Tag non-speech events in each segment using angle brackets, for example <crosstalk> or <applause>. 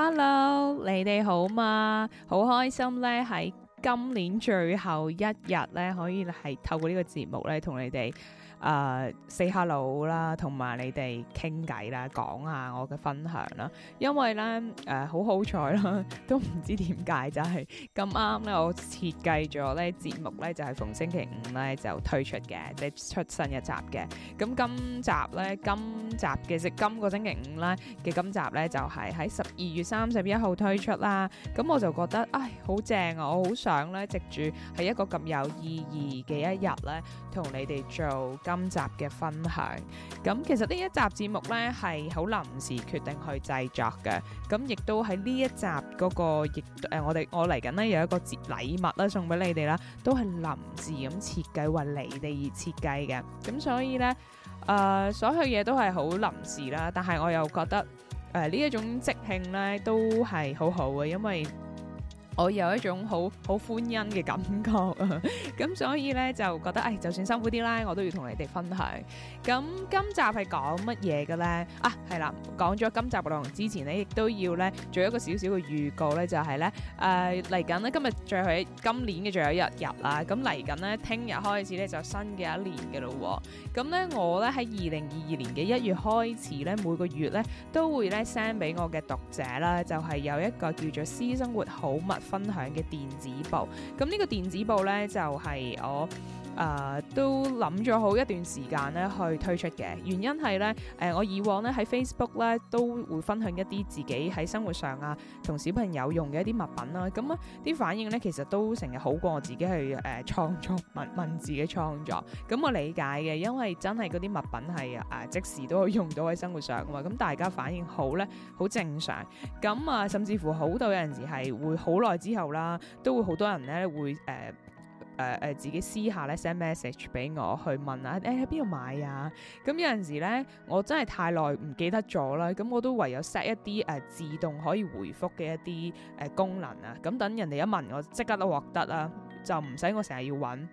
Hello，你哋好嘛？好開心呢。喺今年最後一日呢，可以係透過呢個節目呢，同你哋，誒、uh, say hello 啦、uh, <laughs> so，同埋你哋傾偈啦，講下我嘅分享啦。因為咧誒，好好彩啦，都唔知點解就係咁啱咧。我設計咗咧節目咧，就係逢星期五咧就推出嘅，即出新一集嘅。咁今集咧，今集嘅即今個星期五咧嘅今集咧，就係喺十二月三十一號推出啦。咁我就覺得，唉，好正啊！我好想咧，藉住係一個咁有意義嘅一日咧。同你哋做今集嘅分享，咁其實呢一集節目呢係好臨時決定去製作嘅，咁亦都喺呢一集嗰、那個亦誒，我哋我嚟緊呢有一個節禮物啦、啊、送俾你哋啦，都係臨時咁設計為你哋而設計嘅，咁所以呢，誒、呃、所有嘢都係好臨時啦，但係我又覺得誒呢一種即興呢都係好好嘅，因為我有一種好好歡欣嘅感覺啊！ <laughs> 咁所以呢，就覺得誒、哎，就算辛苦啲啦，我都要同你哋分享。咁今集係講乜嘢嘅咧？啊，係啦，講咗今集嘅內容之前咧，亦都要咧做一個少少嘅預告咧，就係咧，誒嚟緊咧今日最後，今年嘅最後一日啦，咁嚟緊咧聽日開始咧就新嘅一年嘅咯。咁咧我咧喺二零二二年嘅一月開始咧，每個月咧都會咧 send 俾我嘅讀者啦，就係有一個叫做私生活好物分享嘅電子報。咁呢個電子報咧就係我。誒、uh, 都諗咗好一段時間咧，去推出嘅原因係咧，誒、呃、我以往咧喺 Facebook 咧都會分享一啲自己喺生活上啊，同小朋友用嘅一啲物品啦、啊，咁、嗯、啊啲反應咧其實都成日好過我自己去誒、呃、創作文文字嘅創作，咁、嗯、我理解嘅，因為真係嗰啲物品係誒、啊、即時都可用到喺生活上啊嘛，咁、嗯、大家反應好咧，好正常，咁、嗯、啊甚至乎好到有陣時係會好耐之後啦，都會好多人咧會誒、呃誒誒，uh, 自己私下咧 send message 俾、uh, pe 我去問啊，誒喺邊度買啊？咁有陣時咧，我真係太耐唔記得咗啦，咁我都唯有 set 一啲誒自動可以回覆嘅一啲誒功能啊、嗯，咁等人哋一問我即刻都獲得啦，就唔使我成日要揾。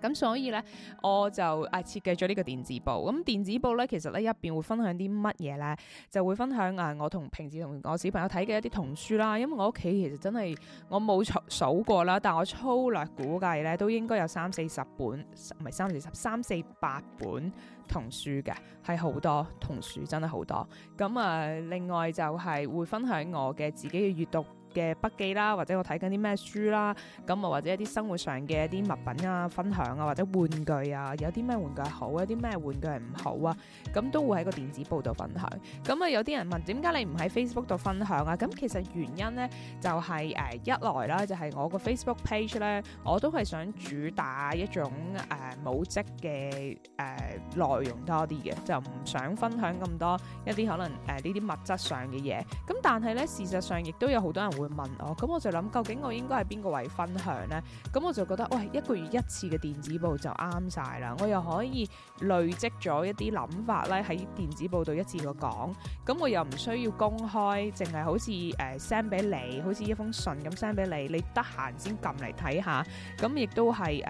咁所以呢，我就啊設計咗呢個電子報。咁電子報呢，其實呢，入邊會分享啲乜嘢呢？就會分享啊，我同平時同我小朋友睇嘅一啲童書啦。因為我屋企其實真係我冇數數過啦，但我粗略估計呢，都應該有三四十本，唔係三四十，三四百本童書嘅，係好多童書，真係好多。咁啊，另外就係會分享我嘅自己嘅閲讀。嘅筆記啦，或者我睇緊啲咩書啦，咁啊或者一啲生活上嘅一啲物品啊分享啊，或者玩具啊，有啲咩玩具好，有啲咩玩具唔好啊，咁都會喺個電子報度分享。咁啊，有啲人問，點解你唔喺 Facebook 度分享啊？咁其實原因呢，就係誒一來啦，就係我個 Facebook page 咧，我都係想主打一種誒母職嘅誒內容多啲嘅，就唔想分享咁多一啲可能誒呢啲物質上嘅嘢。咁但係咧，事實上亦都有好多人，會問我，咁我就諗究竟我應該喺邊個位分享咧？咁我就覺得，喂，一個月一次嘅電子報就啱晒啦。我又可以累積咗一啲諗法咧，喺電子報度一次過講，咁我又唔需要公開，淨係好似誒 send 俾你，好似一封信咁 send 俾你，你得閒先撳嚟睇下，咁亦都係誒，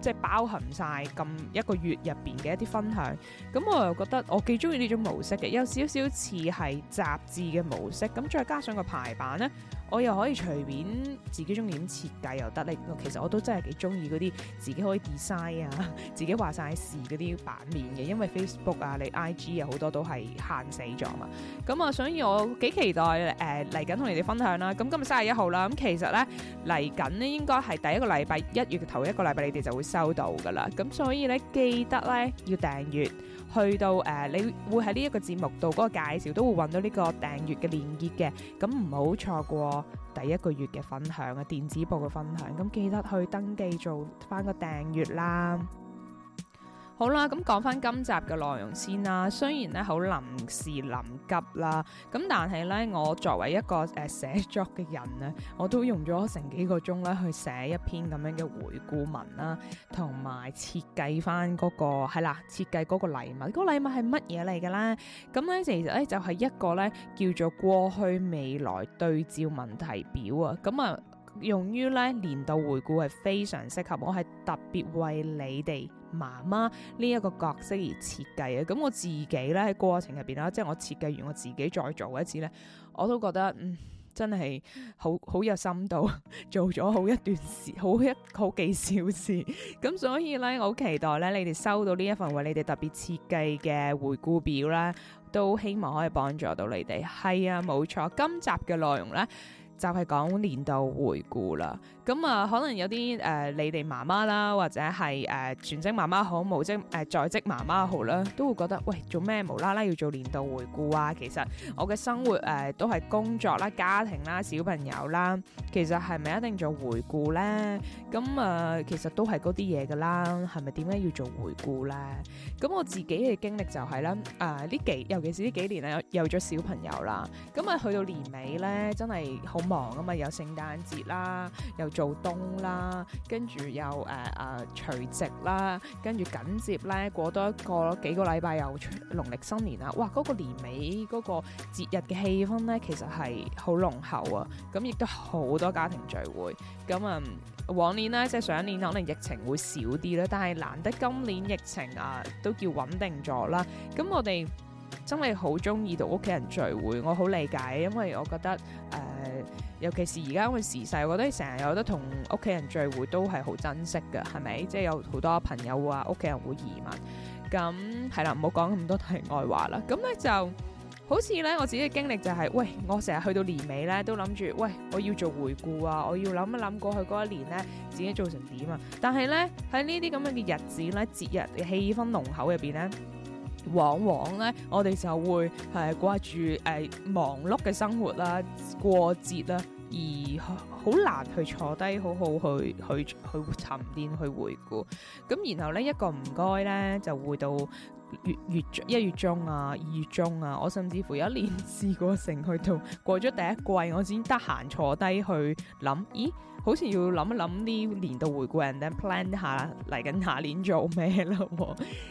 即係包含晒咁一個月入邊嘅一啲分享。咁我又覺得我幾中意呢種模式嘅，有少少似係雜誌嘅模式，咁再加上個排版咧。我又可以隨便自己中意點設計又得呢，其實我都真係幾中意嗰啲自己可以 design 啊，自己話晒事嗰啲版面嘅，因為 Facebook 啊，你 IG 啊好多都係限死咗嘛。咁啊，所以我幾期待誒嚟緊同你哋分享啦。咁今日三十一號啦，咁其實咧嚟緊咧應該係第一個禮拜一月頭一個禮拜，你哋就會收到噶啦。咁所以咧記得咧要訂閱。去到誒、呃，你會喺呢一個節目度嗰個介紹都會揾到呢個訂閱嘅連結嘅，咁唔好錯過第一個月嘅分享嘅電子報嘅分享，咁記得去登記做翻個訂閱啦。好啦，咁講翻今集嘅內容先啦。雖然咧好臨時臨急啦，咁但係咧我作為一個誒、呃、寫作嘅人咧，我都用咗成幾個鐘咧去寫一篇咁樣嘅回顧文啦，同埋設計翻嗰個係啦，設計嗰個禮物，嗰個禮物係乜嘢嚟嘅咧？咁咧其實咧就係一個咧叫做過去未來對照問題表啊，咁啊用於咧年度回顧係非常適合，我係特別為你哋。媽媽呢一個角色而設計啊！咁我自己呢，喺過程入邊啦，即係我設計完我自己再做一次呢，我都覺得嗯真係好好有深度，做咗好一段時，好一好幾小時。咁 <laughs> 所以呢，我好期待呢，你哋收到呢一份為你哋特別設計嘅回顧表啦，都希望可以幫助到你哋。係啊，冇錯，今集嘅內容呢，就係、是、講年度回顧啦。咁啊，可能有啲誒，你哋媽媽啦，或者係誒全職媽媽好，無職誒在職媽媽好啦，都會覺得喂，做咩無啦啦要做年度回顧啊？其實我嘅生活誒都係工作啦、家庭啦、小朋友啦，其實係咪一定做回顧咧？咁啊，其實都係嗰啲嘢噶啦，係咪點解要做回顧咧？咁我自己嘅經歷就係咧，誒呢幾，尤其是呢幾年啊，有咗小朋友啦，咁啊去到年尾咧，真係好忙啊嘛，有聖誕節啦，又做冬啦，跟住又誒誒除夕啦，跟住緊接咧過多一個幾個禮拜又農曆新年啊！哇，嗰、那個年尾嗰、那個節日嘅氣氛咧，其實係好濃厚啊！咁亦都好多家庭聚會。咁啊、嗯，往年咧即係上一年，可能疫情會少啲啦，但係難得今年疫情啊都叫穩定咗啦。咁我哋。真係好中意同屋企人聚會，我好理解，因為我覺得誒、呃，尤其是而家咁嘅時勢，我覺得成日有得同屋企人聚會都係好珍惜㗎，係咪？即係有好多朋友啊，屋企人會移民，咁係啦，唔好講咁多題外話啦。咁咧就好似咧我自己嘅經歷就係、是，喂，我成日去到年尾咧都諗住，喂，我要做回顧啊，我要諗一諗過去嗰一年咧自己做成點啊。但係咧喺呢啲咁樣嘅日子咧，節日嘅氣氛濃厚入邊咧。往往呢，我哋就會係掛住誒忙碌嘅生活啦、過節啦，而好難去坐低好好去去去沉澱，去，去，去，去回顧。咁然後呢，一個唔該呢，就回到。月月一月中啊，二月中啊，我甚至乎有一年試過成去到過咗第一季，我先得閒坐低去諗，咦？好似要諗一諗呢年度回顧，然後 plan 下嚟緊下年做咩啦？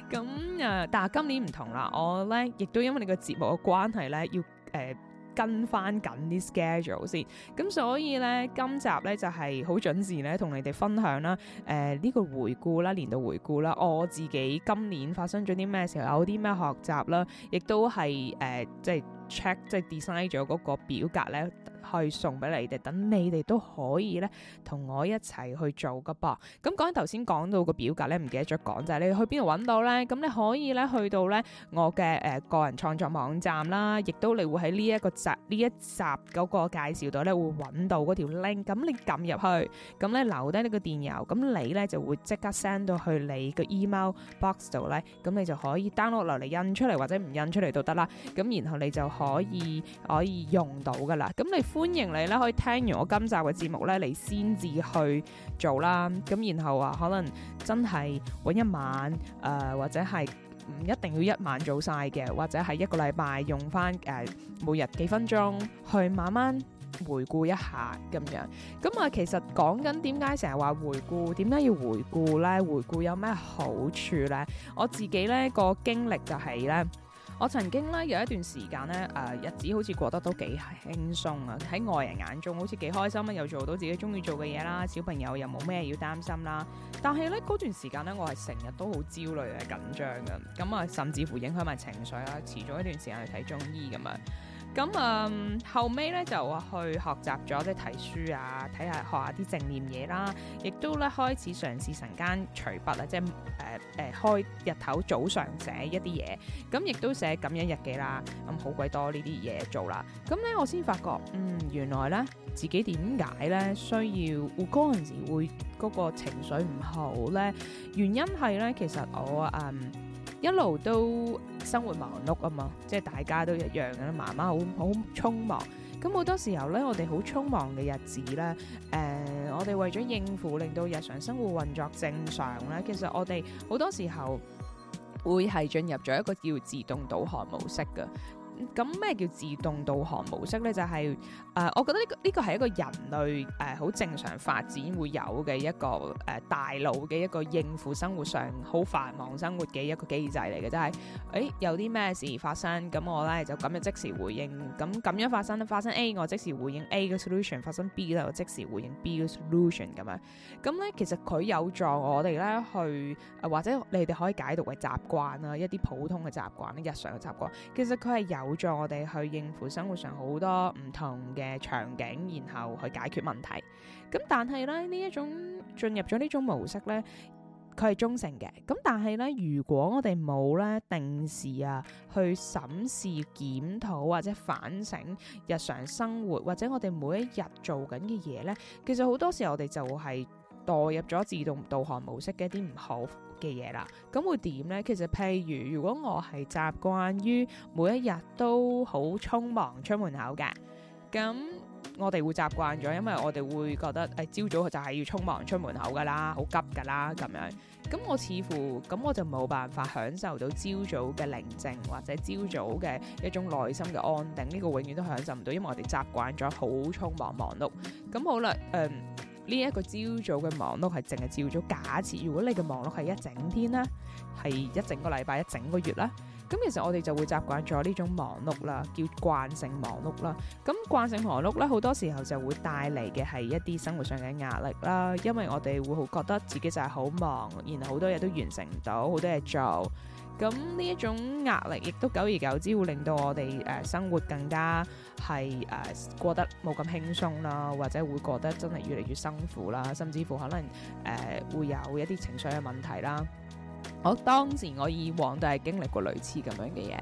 咁 <laughs> 啊、嗯，但係今年唔同啦，我咧亦都因為呢個節目嘅關係咧，要、呃、誒。跟翻緊啲 schedule 先，咁所以咧，今集咧就係好準時咧，同你哋分享啦，誒、呃、呢、呢個回顧啦，年度回顧啦，我自己今年發生咗啲咩事，有啲咩學習啦，亦都係誒即係 check 即係 design 咗嗰個表格咧。去送俾你哋，等你哋都可以咧，同我一齊去做㗎噃。咁講起頭先講到個表格咧，唔記得咗講就係你去邊度揾到咧？咁你可以咧去到咧我嘅誒個人創作網站啦，亦都你會喺呢一個集呢一集嗰個介紹度咧會揾到嗰條 link。咁你撳入去，咁咧留低呢個電郵，咁你咧就會即刻 send 到去你個 email box 度咧。咁你就可以 download 落嚟印出嚟，或者唔印出嚟都得啦。咁然後你就可以可以用到㗎喇。咁你。歡迎你咧，可以聽完我今集嘅節目咧，嚟先至去做啦。咁然後啊，可能真係揾一晚，誒、呃、或者係唔一定要一晚做晒嘅，或者係一個禮拜用翻誒、呃、每日幾分鐘去慢慢回顧一下咁樣。咁啊、呃，其實講緊點解成日話回顧，點解要回顧咧？回顧有咩好處咧？我自己咧、嗰個經歷就係咧。我曾經咧有一段時間咧，誒、呃、日子好似過得都幾輕鬆啊！喺外人眼中好似幾開心啊，又做到自己鍾意做嘅嘢啦，小朋友又冇咩要擔心啦。但係咧段時間咧，我係成日都好焦慮啊、緊張嘅，咁啊甚至乎影響埋情緒啦、啊。遲咗一段時間去睇中醫咁啊。咁誒、嗯、後尾咧就話去學習咗即係睇書啊，睇下學下啲正念嘢啦，亦都咧開始嘗試晨間隨筆啊，即係誒誒開日頭早上寫一啲嘢，咁、嗯、亦都寫感恩日記啦，咁、嗯、好鬼多呢啲嘢做啦。咁、嗯、咧我先發覺，嗯，原來咧自己點解咧需要活嗰陣時會嗰、嗰個情緒唔好咧？原因係咧，其實我誒。嗯一路都生活忙碌啊嘛，即係大家都一樣嘅啦。媽媽好好匆忙，咁好多時候咧，我哋好匆忙嘅日子咧，誒、呃，我哋為咗應付，令到日常生活運作正常咧，其實我哋好多時候會係進入咗一個叫自動導航模式㗎。咁咩叫自動導航模式咧？就係、是、誒、呃，我覺得呢、這個呢、這個係一個人類誒好、呃、正常發展會有嘅一個誒、呃、大腦嘅一個應付生活上好繁忙生活嘅一個機制嚟嘅，就係、是、誒、欸、有啲咩事發生，咁我咧就咁樣即時回應，咁咁樣發生咧發生 A，我即時回應 A 嘅 solution；發生 B 咧，我即時回應 B 嘅 solution。咁樣咁咧，其實佢有助我哋咧去誒，或者你哋可以解讀嘅習慣啦，一啲普通嘅習慣日常嘅習慣，其實佢係有。幫助我哋去應付生活上好多唔同嘅場景，然後去解決問題。咁但係咧，呢一種進入咗呢種模式咧，佢係忠誠嘅。咁但係咧，如果我哋冇咧定時啊去審視檢討或者反省日常生活，或者我哋每一日做緊嘅嘢咧，其實好多時候我哋就係墮入咗自動導航模式嘅一啲唔好。嘅嘢啦，咁會點呢？其實譬如，如果我係習慣於每一日都好匆忙出門口嘅，咁我哋會習慣咗，因為我哋會覺得誒，朝、哎、早就係要匆忙出門口噶啦，好急噶啦，咁樣。咁我似乎咁，我就冇係辦法享受到朝早嘅寧靜或者朝早嘅一種內心嘅安定。呢、這個永遠都享受唔到，因為我哋習慣咗好匆忙忙碌。咁好啦，誒、嗯。呢一個朝早嘅忙碌係淨係朝早，假設如果你嘅忙碌係一整天啦，係一整個禮拜、一整個月啦，咁其實我哋就會習慣咗呢種忙碌啦，叫慣性忙碌啦。咁慣性忙碌咧，好多時候就會帶嚟嘅係一啲生活上嘅壓力啦，因為我哋會好覺得自己就係好忙，然後好多嘢都完成唔到，好多嘢做。咁呢一種壓力，亦都久而久之會令到我哋誒、呃、生活更加係誒、呃、過得冇咁輕鬆啦，或者會過得真係越嚟越辛苦啦，甚至乎可能誒、呃、會有一啲情緒嘅問題啦。我當時我以往都係經歷過類似咁樣嘅嘢。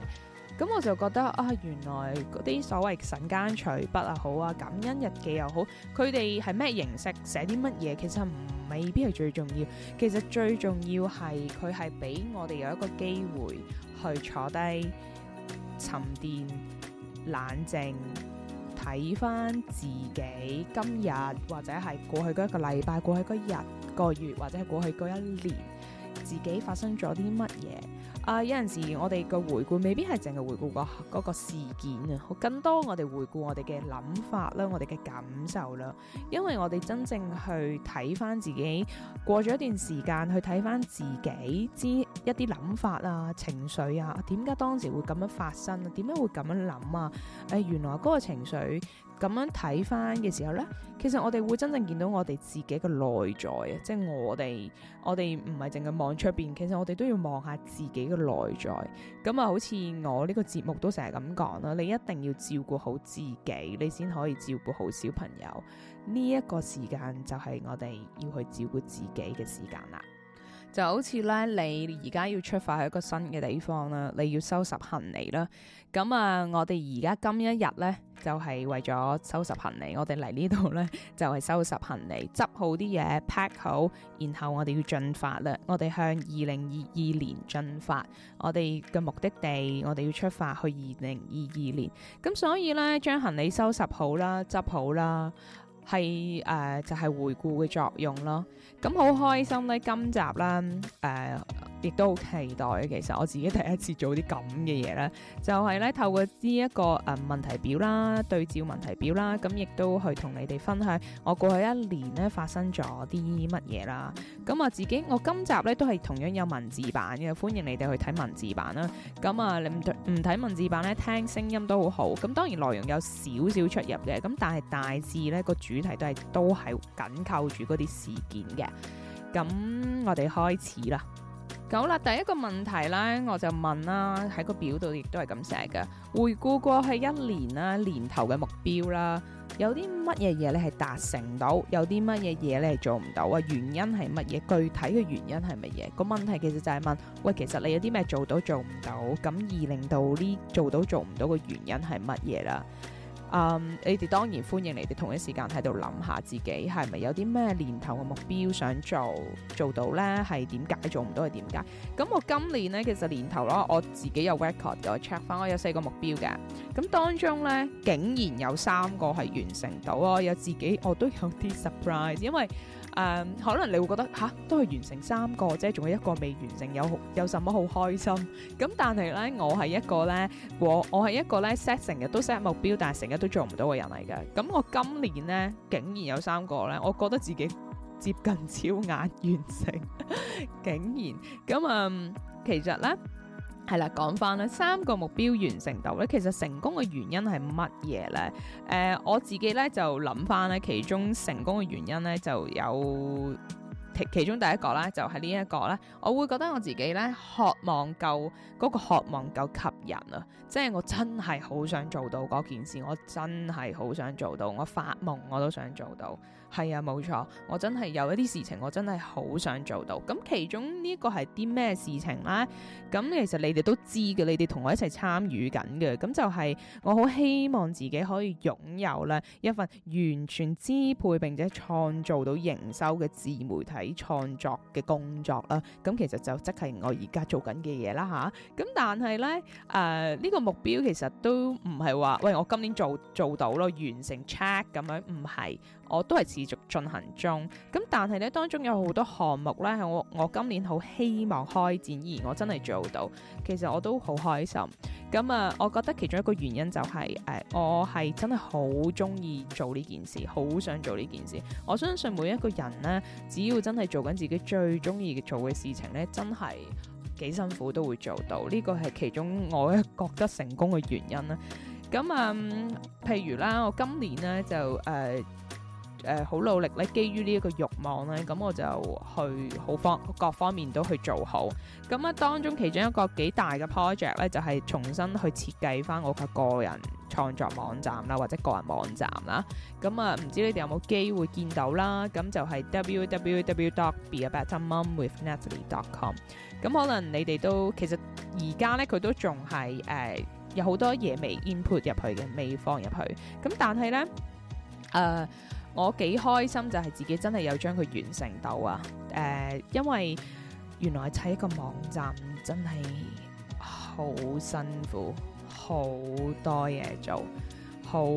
咁我就覺得啊，原來嗰啲所謂晨間隨筆啊，好啊，感恩日記又好，佢哋係咩形式寫啲乜嘢，其實唔未必係最重要。其實最重要係佢係俾我哋有一個機會去坐低沉澱、冷靜，睇翻自己今日或者係過去嗰一個禮拜、過去嗰日、一個月或者係過去嗰一年，自己發生咗啲乜嘢。啊！Uh, 有陣時，我哋個回顧未必係淨係回顧個事件啊，更多我哋回顧我哋嘅諗法啦，我哋嘅感受啦。因為我哋真正去睇翻自己，過咗一段時間去睇翻自己之一啲諗法啊、情緒啊，點解當時會咁樣發生啊？點解會咁樣諗啊？誒，原來嗰個情緒。咁樣睇翻嘅時候呢，其實我哋會真正見到我哋自己嘅內在啊！即係我哋，我哋唔係淨係望出邊，其實我哋都要望下自己嘅內在。咁啊，好似我呢個節目都成日咁講啦，你一定要照顧好自己，你先可以照顧好小朋友。呢一個時間就係我哋要去照顧自己嘅時間啦。就好似咧，你而家要出發去一個新嘅地方啦，你要收拾行李啦。咁啊，我哋而家今一日呢，就係為咗收拾行李。我哋嚟呢度呢，就係收拾行李，執好啲嘢，pack 好，然後我哋要進發啦。我哋向二零二二年進發，我哋嘅目的地，我哋要出發去二零二二年。咁所以呢，將行李收拾好啦，執好啦。係誒、呃、就係、是、回顧嘅作用咯，咁好開心咧今集啦誒、呃，亦都好期待。其實我自己第一次做啲咁嘅嘢咧，就係、是、咧透過呢、這、一個誒、呃、問題表啦，對照問題表啦，咁亦都去同你哋分享我過去一年咧發生咗啲乜嘢啦。咁啊我自己我今集咧都係同樣有文字版嘅，歡迎你哋去睇文字版啦。咁啊你唔睇文字版咧，聽聲音都好好。咁當然內容有少少出入嘅，咁但係大致咧個主。主題都係都係緊扣住嗰啲事件嘅，咁我哋開始啦。好啦，第一個問題咧，我就問啦，喺個表度亦都係咁寫嘅。回顧過去一年啦，年頭嘅目標啦，有啲乜嘢嘢你係達成到，有啲乜嘢嘢你係做唔到啊？原因係乜嘢？具體嘅原因係乜嘢？個問題其實就係問，喂，其實你有啲咩做到做唔到？咁而令到呢做到做唔到嘅原因係乜嘢啦？誒，um, 你哋當然歡迎你哋同一時間喺度諗下自己係咪有啲咩年頭嘅目標想做做到咧？係點解做唔到？係點解？咁我今年咧其實年頭咯，我自己有 record，我 check 翻我有四個目標嘅。咁當中咧，竟然有三個係完成到啊！我有自己我都有啲 surprise，因為。誒，um, 可能你會覺得嚇，都係完成三個啫，仲有一個未完成，有有什麼好開心？咁 <laughs> 但係咧，我係一個咧，我我係一個咧 set 成日都 set 目標，但係成日都做唔到嘅人嚟嘅。咁我今年咧，竟然有三個咧，我覺得自己接近超額完成， <laughs> 竟然咁啊、嗯，其實咧。係啦，講翻啦，三個目標完成度咧，其實成功嘅原因係乜嘢咧？誒、呃，我自己咧就諗翻咧，其中成功嘅原因咧就有，其其中第一個啦，就係、是、呢一個啦。我會覺得我自己咧，渴望夠嗰、那個渴望夠吸引啊，即係我真係好想做到嗰件事，我真係好想做到，我發夢我都想做到。係啊，冇錯，我真係有一啲事情，我真係好想做到。咁其中呢個係啲咩事情呢？咁其實你哋都知嘅，你哋同我一齊參與緊嘅。咁就係我好希望自己可以擁有咧一份完全支配並且創造到營收嘅自媒體創作嘅工作啦。咁其實就即係我而家做緊嘅嘢啦，吓？咁但係呢，誒、呃、呢、呢個目標其實都唔係話喂，我今年做做到咯，完成 check 咁樣，唔係。我都係持續進行中，咁但係咧，當中有好多項目咧係我我今年好希望開展，而我真係做到，其實我都好開心。咁啊，我覺得其中一個原因就係誒、呃，我係真係好中意做呢件事，好想做呢件事。我相信每一個人呢，只要真係做緊自己最中意做嘅事情呢，真係幾辛苦都會做到。呢個係其中我覺得成功嘅原因啦。咁啊、呃，譬如啦，我今年呢，就誒。呃誒好、呃、努力咧，基於呢一個欲望咧，咁、嗯、我就去好方各方面都去做好。咁、嗯、啊，當中其中一個幾大嘅 project 咧，就係、是、重新去設計翻我個個人創作網站啦，或者個人網站啦。咁、嗯、啊，唔、嗯、知你哋有冇機會見到啦？咁、嗯、就係、是、w w w dot be a better mom with natalie dot com。咁、嗯、可能你哋都其實而家咧，佢都仲係誒有好多嘢未 input 入去嘅，未放入去。咁、嗯、但係咧，誒、呃。我幾開心就係自己真係有將佢完成到啊！誒、呃，因為原來砌一個網站真係好辛苦，好多嘢做，好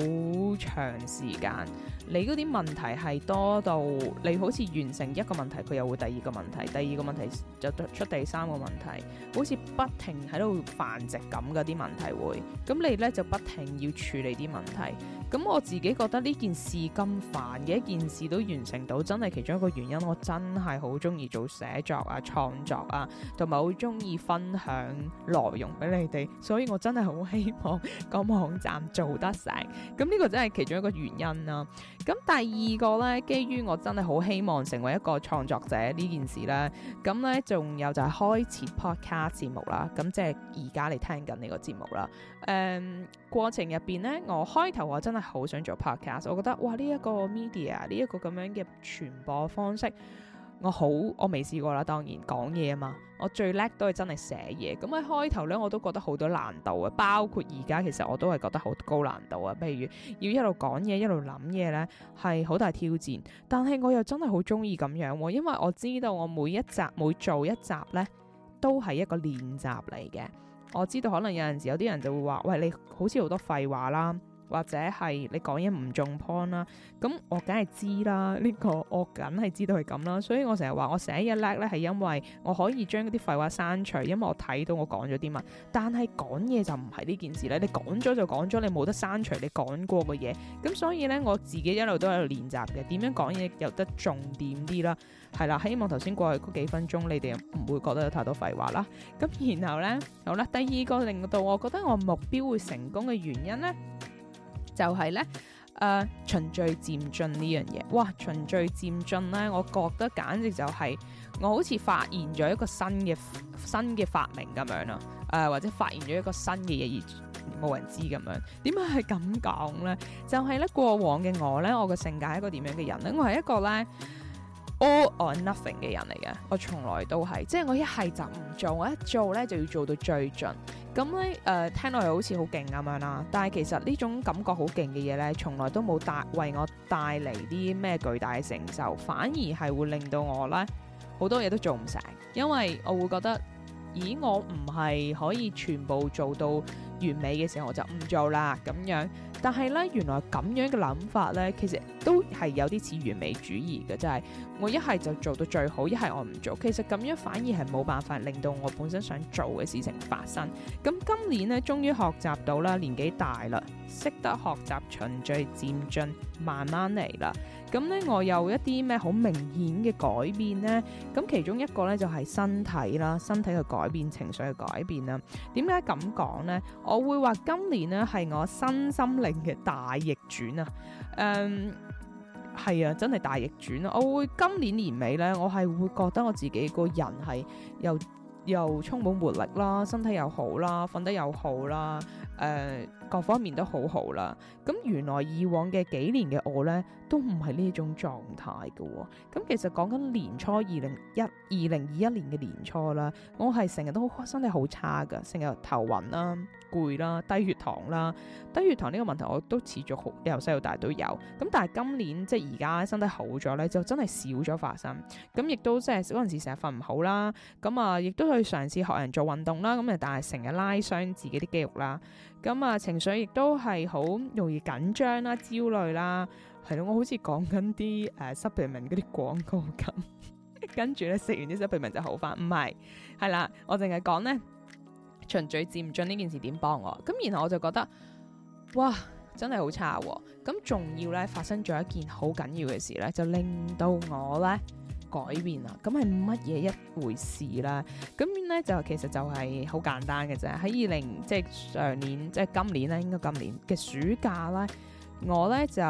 長時間。你嗰啲問題係多到，你好似完成一個問題，佢又會第二個問題，第二個問題就出第三個問題，好似不停喺度繁殖咁，嗰啲問題會，咁你呢就不停要處理啲問題。咁我自己覺得呢件事咁煩嘅一件事都完成到，真係其中一個原因。我真係好中意做寫作啊、創作啊，同埋好中意分享內容俾你哋，所以我真係好希望個網站做得成。咁呢個真係其中一個原因啦、啊。咁第二個咧，基於我真係好希望成為一個創作者呢件事咧，咁咧仲有就係開始 podcast 節目啦。咁即係而家你聽緊呢個節目啦。誒、嗯、過程入邊咧，我開頭我真係。好想做 podcast，我覺得哇，呢一個 media 呢一個咁樣嘅傳播方式，我好我未試過啦。當然講嘢嘛，我最叻都係真係寫嘢。咁喺開頭呢，我都覺得好多難度啊，包括而家其實我都係覺得好高難度啊。譬如要一路講嘢，一路諗嘢呢，係好大挑戰。但係我又真係好中意咁樣，因為我知道我每一集每做一集呢，都係一個練習嚟嘅。我知道可能有陣時有啲人就會話：喂，你好似好多廢話啦。或者係你講嘢唔中 point 啦，咁我梗係知啦。呢個我梗係知道係咁啦，所以我成日話我寫一叻咧，係因為我可以將啲廢話刪除，因為我睇到我講咗啲乜。但係講嘢就唔係呢件事咧，你講咗就講咗，你冇得刪除你講過嘅嘢。咁所以咧，我自己一路都喺度練習嘅，點樣講嘢有得重點啲啦。係啦，希望頭先過去嗰幾分鐘你哋唔會覺得有太多廢話啦。咁然後咧，好啦，第二個令到我覺得我目標會成功嘅原因咧。就係咧，誒、呃、循，循序漸進呢樣嘢，哇循序漸進咧，我覺得簡直就係，是，我好似發現咗一個新嘅新嘅發明咁樣咯，誒、呃、或者發現咗一個新嘅嘢而冇人知咁樣。點解係咁講咧？就係，是，咧過往嘅我咧，我嘅性格係一個點樣嘅人咧？我係一個咧。All or nothing 嘅人嚟嘅，我從來都係，即係我一係就唔做，我一做呢就要做到最盡。咁咧誒、聽落去好似好勁咁樣啦，但係其實呢種感覺好勁嘅嘢呢，從來都冇帶為我帶嚟啲咩巨大嘅成就，反而係會令到我呢好多嘢都做唔成，因為我會覺得，咦，我唔係可以全部做到。完美嘅時候，我就唔做啦咁樣，但係呢，原來咁樣嘅諗法呢，其實都係有啲似完美主義嘅，就係我一係就做到最好，一係我唔做，其實咁樣反而係冇辦法令到我本身想做嘅事情發生。咁今年呢，終於學習到啦，年紀大啦，識得學習循序漸進，慢慢嚟啦。咁咧，我有一啲咩好明顯嘅改變呢？咁其中一個咧就係身體啦，身體嘅改變，情緒嘅改變啦。點解咁講呢？我會話今年咧係我身心靈嘅大逆轉啊！誒、嗯，係啊，真係大逆轉啊！我會今年年尾咧，我係會覺得我自己個人係又又充滿活力啦，身體又好啦，瞓得又好啦，誒、呃，各方面都好好啦。咁原來以往嘅幾年嘅我呢，都唔係呢一種狀態嘅喎。咁其實講緊年初二零一二零二一年嘅年初啦，我係成日都身體好差㗎，成日頭暈啦、攰啦、低血糖啦。低血糖呢個問題我都持續好由細到大都有。咁但係今年即係而家身體好咗呢，就真係少咗發生。咁亦都即係嗰陣時成日瞓唔好啦。咁啊，亦都去嘗試學人做運動啦。咁啊，但係成日拉傷自己啲肌肉啦。咁啊，情緒亦都係好容易，緊張啦、焦慮啦，啊，係咯，我好、uh, 似講緊啲誒，supplement 嗰啲廣告咁， <laughs> 跟住咧食完啲 supplement 就好翻，唔係，係啦，我淨係講咧，循序漸進呢件事點幫我，咁然後我就覺得，哇，真係好差，啊，咁仲要咧發生咗一件好緊要嘅事咧，就令到我咧。改變啦，咁係乜嘢一回事啦？咁咧就其實就係好簡單嘅啫。喺二零即係上年，即係今年咧，應該今年嘅暑假咧，我咧就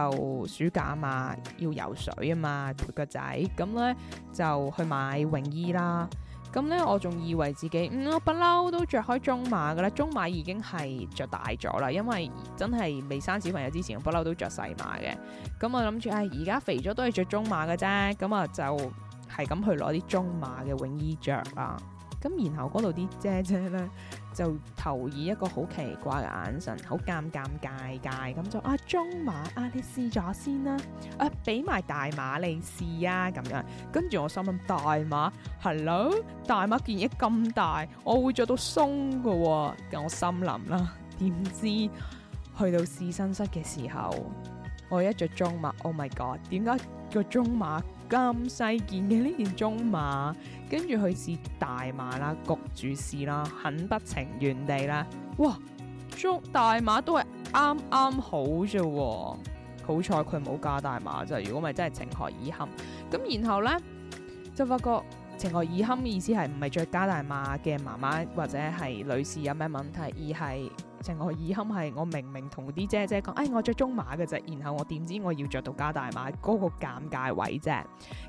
暑假嘛要游水啊嘛，陪個仔，咁咧就去買泳衣啦。咁咧我仲以為自己嗯，我不嬲都着開中碼㗎喇，中碼已經係着大咗啦，因為真係未生小朋友之前，我不嬲都着細碼嘅。咁我諗住唉，而家肥咗都係着中碼嘅啫，咁啊就～係咁去攞啲中碼嘅泳衣着啦，咁然後嗰度啲姐姐咧就投以一個好奇怪嘅眼神，好尷尷尬尬咁就啊中碼啊你試咗先啦，啊俾埋、啊啊啊、大碼你試啊咁樣，跟住我心諗大碼，hello 大碼建議咁大，我會着到鬆噶、哦，我心諗啦，點知去到試身室嘅時候，我一着中碼，oh my god，點解個中碼？咁細件嘅呢件中碼，跟住去試大碼啦，焗住試啦，很不情願地啦，哇，中大碼都係啱啱好啫，好彩佢冇加大碼啫，如果咪真係情何以堪？咁然後咧就發覺情何以堪嘅意思係唔係着加大碼嘅媽媽或者係女士有咩問題，而係。即我以冚係，我明明同啲姐姐講，哎，我着中碼嘅啫，然後我點知我要着到加大碼，嗰個尷尬位啫。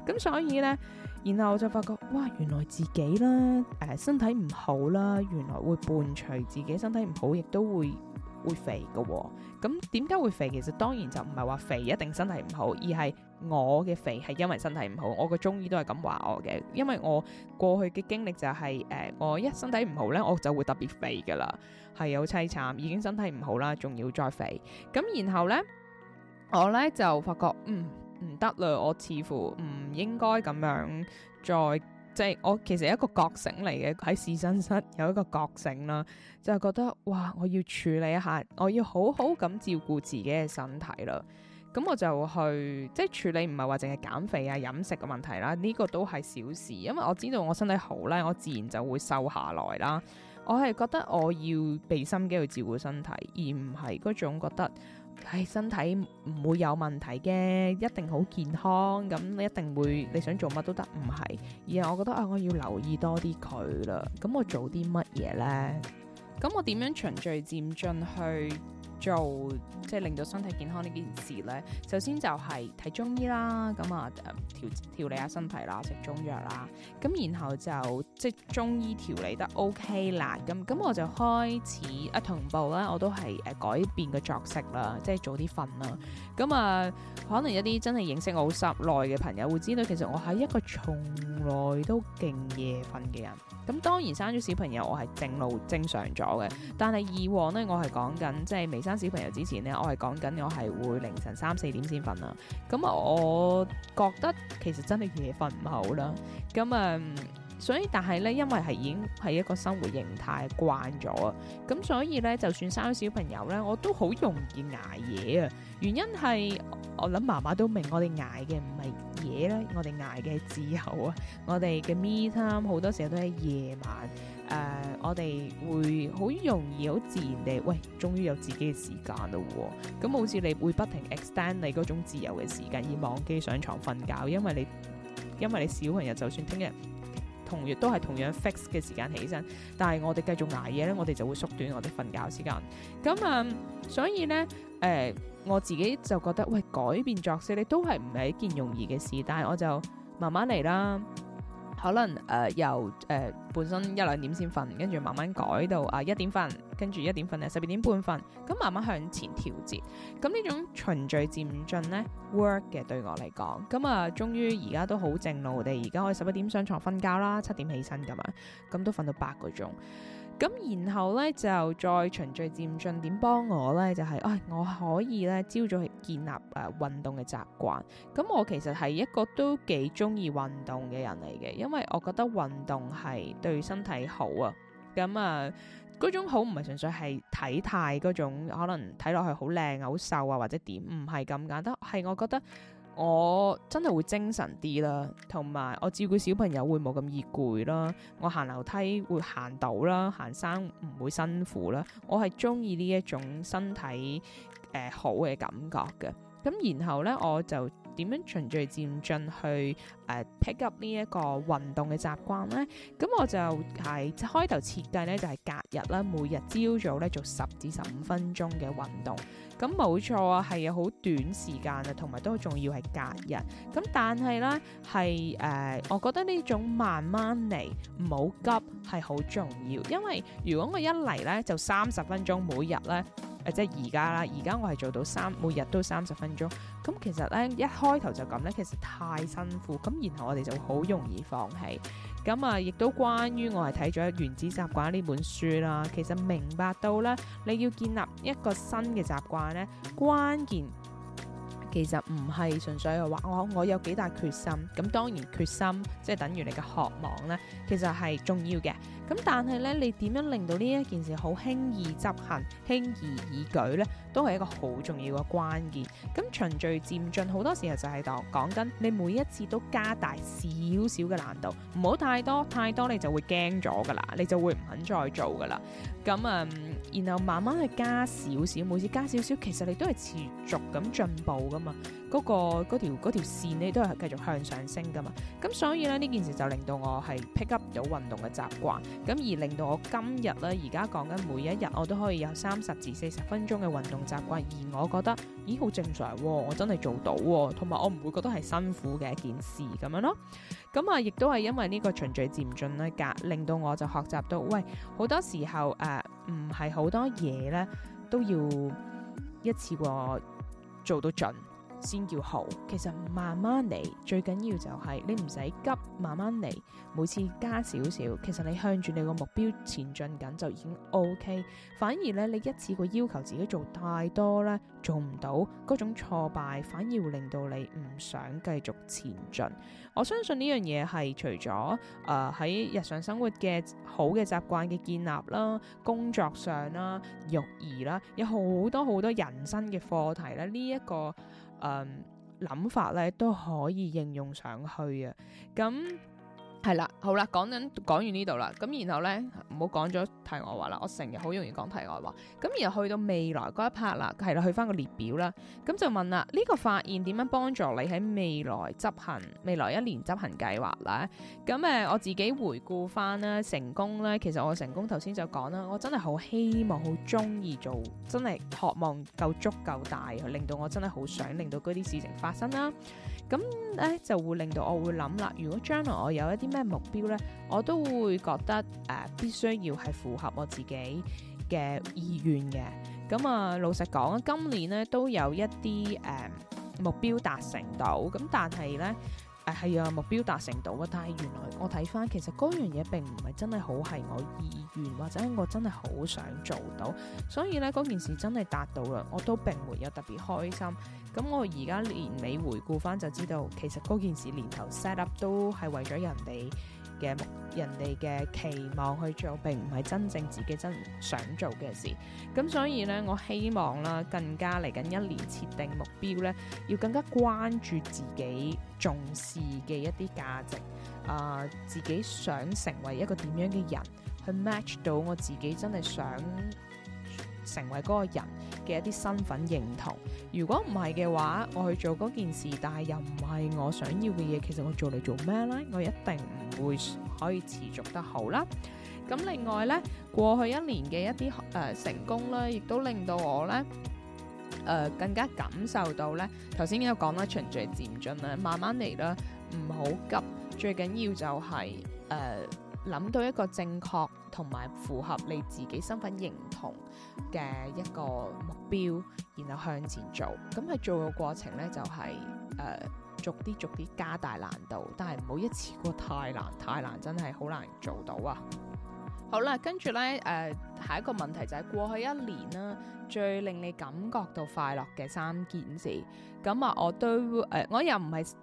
咁所以呢，然後我就發覺，哇，原來自己啦，誒、呃、身體唔好啦，原來會伴隨自己身體唔好，亦都會會肥嘅、哦。咁點解會肥？其實當然就唔係話肥一定身體唔好，而係。我嘅肥係因為身體唔好，我個中醫都係咁話我嘅，因為我過去嘅經歷就係、是、誒、呃，我一身體唔好呢，我就會特別肥噶啦，係好凄慘，已經身體唔好啦，仲要再肥。咁然後呢，我呢就發覺，嗯，唔得啦，我似乎唔應該咁樣再，即、就、係、是、我其實有一個覺醒嚟嘅，喺試身室有一個覺醒啦，就係、是、覺得哇，我要處理一下，我要好好咁照顧自己嘅身體啦。咁我就去即係處理，唔係話淨係減肥啊飲食嘅問題啦，呢個都係小事，因為我知道我身體好呢，我自然就會瘦下來啦。我係覺得我要俾心機去照顧身體，而唔係嗰種覺得唉，身體唔會有問題嘅，一定好健康咁，你一定會你想做乜都得，唔係。而係我覺得啊，我要留意多啲佢啦。咁我做啲乜嘢呢？咁我點樣循序漸進去？做即係令到身體健康呢件事咧，首先就係睇中醫啦，咁啊調調理下身體啦，食中藥啦，咁然後就即係中醫調理得 OK 啦，咁咁我就開始啊同步啦，我都係誒、啊、改變個作息啦，即係早啲瞓啦，咁啊可能一啲真係認識我好十耐嘅朋友會知道，其實我係一個從來都勁夜瞓嘅人，咁當然生咗小朋友我係正路正常咗嘅，但係以往咧我係講緊即係。未生生小朋友之前咧，我係講緊我係會凌晨三四點先瞓啦。咁啊，我覺得其實真係夜瞓唔好啦。咁啊、嗯，所以但係咧，因為係已經係一個生活形態慣咗啊。咁所以咧，就算生小朋友咧，我都好容易挨夜啊。原因係我諗媽媽都明我哋，我哋挨嘅唔係夜咧，我哋挨嘅係自由啊。我哋嘅 me time 好多時候都喺夜晚。誒，uh, 我哋會好容易、好自然地，喂，終於有自己嘅時間啦喎！咁好似你會不停 extend 你嗰種自由嘅時間，而忘記上床瞓覺，因為你因為你小朋友就算聽日同月都係同樣 fix 嘅時間起身，但係我哋繼續捱夜咧，我哋就會縮短我哋瞓覺時間。咁啊、嗯，所以呢，誒、呃，我自己就覺得，喂，改變作息你都係唔係一件容易嘅事，但係我就慢慢嚟啦。可能誒、呃、由誒、呃、本身一兩點先瞓，跟住慢慢改到啊一、呃、點瞓，跟住一點瞓咧，十二點半瞓，咁慢慢向前調節。咁呢種循序漸進咧 work 嘅對我嚟講，咁啊、呃、終於而家都好正路，我哋而家可以十一點上床瞓覺啦，七點起身咁啊，咁都瞓到八個鐘。咁然後咧，就再循序漸進點幫我咧，就係、是，唉、哎，我可以咧朝早去建立誒、呃、運動嘅習慣。咁、嗯、我其實係一個都幾鍾意運動嘅人嚟嘅，因為我覺得運動係對身體好啊。咁、嗯、啊，嗰、呃、種好唔係純粹係體態嗰種，可能睇落去好靚啊、好瘦啊或者點，唔係咁簡單，係我覺得。我真係會精神啲啦，同埋我照顧小朋友會冇咁易攰啦，我行樓梯會行到啦，行山唔會辛苦啦，我係中意呢一種身體誒、呃、好嘅感覺嘅，咁然後咧我就。點樣循序漸進去誒 pick up 呢一個運動嘅習慣咧？咁我就係開頭設計咧，就係隔日啦，每日朝早咧做十至十五分鐘嘅運動。咁冇錯啊，係有好短時間啊，同埋都仲要係隔日。咁但係咧，係誒，我覺得呢種慢慢嚟，唔好急，係好重要。因為如果我一嚟咧，就三十分鐘每日咧。誒即係而家啦，而家我係做到三每日都三十分鐘，咁其實咧一開頭就咁咧，其實太辛苦，咁然後我哋就好容易放棄，咁啊亦都關於我係睇咗《原子習慣》呢本書啦，其實明白到咧，你要建立一個新嘅習慣咧，關鍵。其實唔係純粹話我我有幾大決心，咁當然決心即係等於你嘅渴望咧，其實係重要嘅。咁但係咧，你點樣令到呢一件事好輕易執行、輕而易舉咧，都係一個好重要嘅關鍵。咁循序漸進，好多時候就係當講緊你每一次都加大少少嘅難度，唔好太多太多你，你就會驚咗噶啦，你就會唔肯再做噶啦。咁誒、嗯，然後慢慢去加少少，每次加少少，其實你都係持續咁進步噶嘛，嗰、嗰個嗰條嗰條線咧都係繼續向上升噶嘛。咁所以咧呢件事就令到我係 pick up 到運動嘅習慣，咁而令到我今日咧而家講緊每一日我都可以有三十至四十分鐘嘅運動習慣，而我覺得咦，好正常喎、哦，我真係做到喎、哦，同埋我唔會覺得係辛苦嘅一件事咁樣咯。咁啊，亦都係因為呢個循序漸進呢，格令到我就學習到，喂，好多時候誒，唔係好多嘢呢，都要一次過做到盡先叫好。其實慢慢嚟最緊要就係你唔使急，慢慢嚟，每次加少少。其實你向住你個目標前進緊就已經 OK。反而呢，你一次過要求自己做太多咧，做唔到嗰種挫敗，反而會令到你唔想繼續前進。我相信呢樣嘢係除咗誒喺日常生活嘅好嘅習慣嘅建立啦、工作上啦、育兒啦，有好多好多人生嘅課題咧，這個呃、呢一個誒諗法咧都可以應用上去啊！咁。係啦，好啦，講緊講完呢度啦，咁然後呢，唔好講咗題外話啦，我成日好容易講題外話。咁然後去到未來嗰一 part 啦，係啦，去翻個列表啦，咁就問啦，呢個發現點樣幫助你喺未來執行未來一年執行計劃咧？咁誒，我自己回顧翻啦，成功呢。其實我成功頭先就講啦，我真係好希望，好中意做，真係渴望夠足夠大，令到我真係好想令到嗰啲事情發生啦。咁咧、欸、就會令到我會諗啦，如果將來我有一啲咩目標呢，我都會覺得誒、呃、必須要係符合我自己嘅意願嘅。咁啊、呃，老實講，今年呢都有一啲誒、呃、目標達成到，咁但係呢。誒係、哎、啊，目標達成到啊，但係原來我睇翻其實嗰樣嘢並唔係真係好係我意願，或者我真係好想做到，所以呢，嗰件事真係達到啦，我都並沒有特別開心。咁我而家年尾回顧翻就知道，其實嗰件事年頭 set up 都係為咗人哋。嘅人哋嘅期望去做，並唔係真正自己真想做嘅事。咁所以呢，我希望啦，更加嚟緊一年設定目標呢，要更加關注自己重視嘅一啲價值，啊、呃，自己想成為一個點樣嘅人，去 match 到我自己真係想。成為嗰個人嘅一啲身份認同。如果唔係嘅話，我去做嗰件事，但係又唔係我想要嘅嘢，其實我做嚟做咩呢？我一定唔會可以持續得好啦。咁另外呢，過去一年嘅一啲誒成功呢，亦都令到我呢誒更加感受到呢。頭先都講啦，循序漸進啦，慢慢嚟啦，唔好急。最緊要就係誒。諗到一個正確同埋符合你自己身份認同嘅一個目標，然後向前做。咁喺做嘅過程呢，就係、是、誒、呃、逐啲逐啲加大難度，但係唔好一次過太難，太難真係好難做到啊！好啦，跟住呢，誒、呃，下一個問題就係、是、過去一年啦、啊，最令你感覺到快樂嘅三件事。咁啊，我都誒，我又唔係。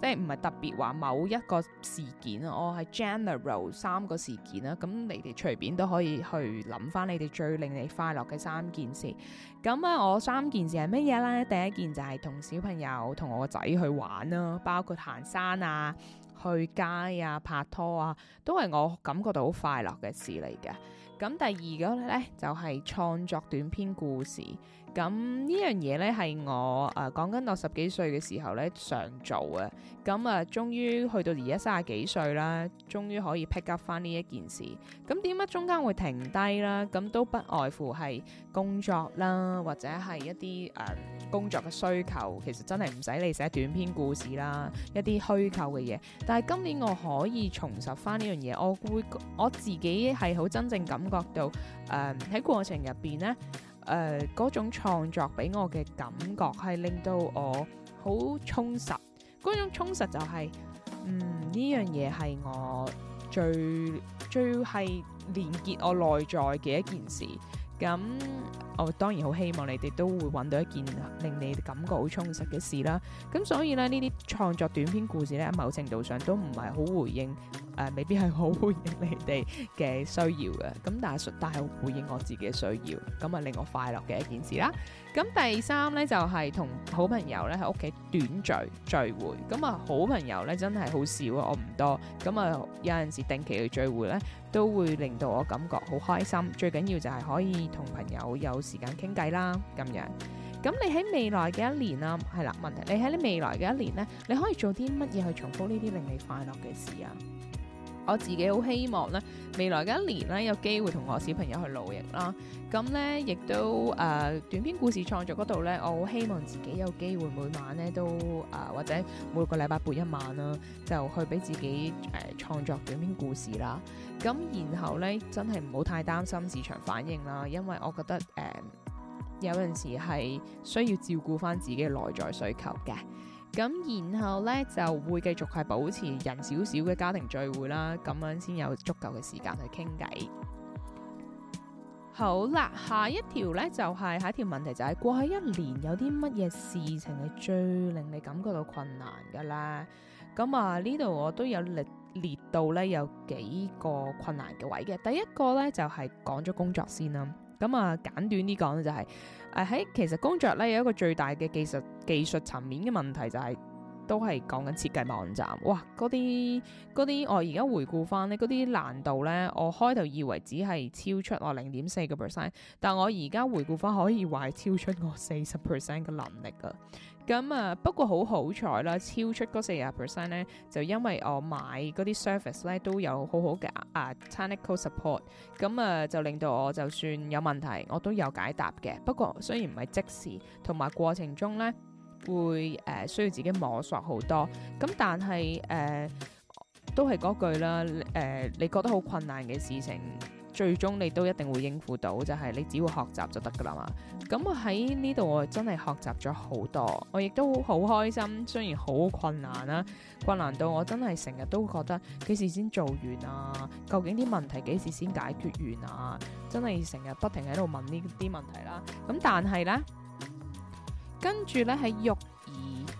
即係唔係特別話某一個事件啊，我、哦、係 general 三個事件啦。咁你哋隨便都可以去諗翻你哋最令你快樂嘅三件事。咁啊，我三件事係乜嘢呢？第一件就係同小朋友、同我個仔去玩啦，包括行山啊、去街啊、拍拖啊，都係我感覺到好快樂嘅事嚟嘅。咁第二個呢，就係、是、創作短篇故事。咁呢、嗯、樣嘢呢，係我啊講緊我十幾歲嘅時候呢，常做嘅，咁、嗯、啊、嗯、終於去到而家三十幾歲啦，終於可以 pick up 翻呢一件事。咁點解中間會停低啦？咁、嗯、都不外乎係工作啦，或者係一啲誒、呃、工作嘅需求。其實真係唔使你寫短篇故事啦，一啲虛構嘅嘢。但係今年我可以重拾翻呢樣嘢，我會我自己係好真正感覺到誒喺、呃、過程入邊呢。誒嗰、呃、種創作俾我嘅感覺係令到我好充實，嗰種充實就係，是，嗯呢樣嘢係我最最係連結我內在嘅一件事。咁我當然好希望你哋都會揾到一件令你感覺好充實嘅事啦。咁所以咧呢啲創作短篇故事呢，某程度上都唔係好回應誒、呃，未必係好回應你哋嘅需要嘅。咁但係但係回應我自己嘅需要，咁啊令我快樂嘅一件事啦。咁第三咧就係、是、同好朋友咧喺屋企短聚聚會，咁啊好朋友咧真係好少，啊。我唔多，咁啊有陣時定期去聚會咧，都會令到我感覺好開心，最緊要就係可以同朋友有時間傾偈啦，咁樣。咁你喺未來嘅一年啦，係、嗯、啦、嗯，問題你喺你未來嘅一年咧，你可以做啲乜嘢去重複呢啲令你快樂嘅事啊？我自己好希望呢，未來嘅一年呢有機會同我小朋友去露營啦。咁呢亦都誒、呃、短篇故事創作嗰度呢，我好希望自己有機會每晚呢都誒、呃，或者每個禮拜撥一晚啦，就去俾自己誒、呃、創作短篇故事啦。咁然後呢，真係唔好太擔心市場反應啦，因為我覺得誒、呃、有陣時係需要照顧翻自己內在需求嘅。咁然後咧就會繼續係保持人少少嘅家庭聚會啦，咁樣先有足夠嘅時間去傾偈。好啦，下一條咧就係、是、下一條問題、就是，就係過去一年有啲乜嘢事情係最令你感覺到困難嘅啦。咁啊呢度我都有列列到咧有幾個困難嘅位嘅，第一個咧就係講咗工作先啦。咁啊簡短啲講就係、是。喺其實工作咧，有一個最大嘅技術技術層面嘅問題就係、是。都係講緊設計網站，哇！嗰啲啲，我而家回顧翻呢，嗰啲難度呢，我開頭以為只係超出我零點四個 percent，但我而家回顧翻可以話係超出我四十 percent 嘅能力啊！咁啊、呃，不過好好彩啦，超出嗰四十 percent 呢，就因為我買嗰啲 service 咧都有好好嘅啊 technical support，咁啊、呃、就令到我就算有問題，我都有解答嘅。不過雖然唔係即時，同埋過程中呢。會誒、呃、需要自己摸索好多，咁但係誒、呃、都係嗰句啦，誒、呃、你覺得好困難嘅事情，最終你都一定會應付到，就係、是、你只要學習就得噶啦嘛。咁我喺呢度我真係學習咗好多，我亦都好開心，雖然好困難啦，困難到我真係成日都覺得幾時先做完啊，究竟啲問題幾時先解決完啊？真係成日不停喺度問呢啲問題啦。咁但係呢。跟住咧，喺育兒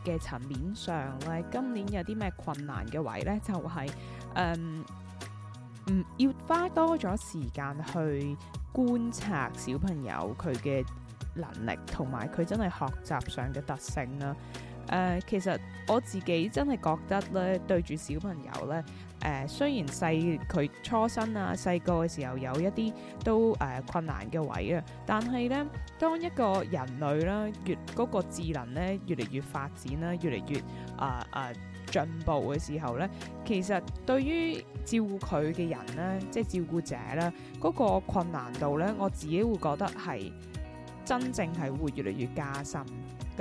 嘅層面上咧，今年有啲咩困難嘅位呢？就係、是、誒、嗯嗯，要花多咗時間去觀察小朋友佢嘅能力同埋佢真係學習上嘅特性啦。誒，uh, 其實我自己真係覺得咧，對住小朋友咧，誒、uh，雖然細佢初生啊，細個嘅時候有一啲都誒、uh, 困難嘅位啊，但係咧，當一個人類啦，越嗰個智能咧越嚟越發展啦，越嚟越啊啊進步嘅時候咧，其實對於照顧佢嘅人咧，即係照顧者啦，嗰個困難度咧，我自己會覺得係真正係會越嚟越加深。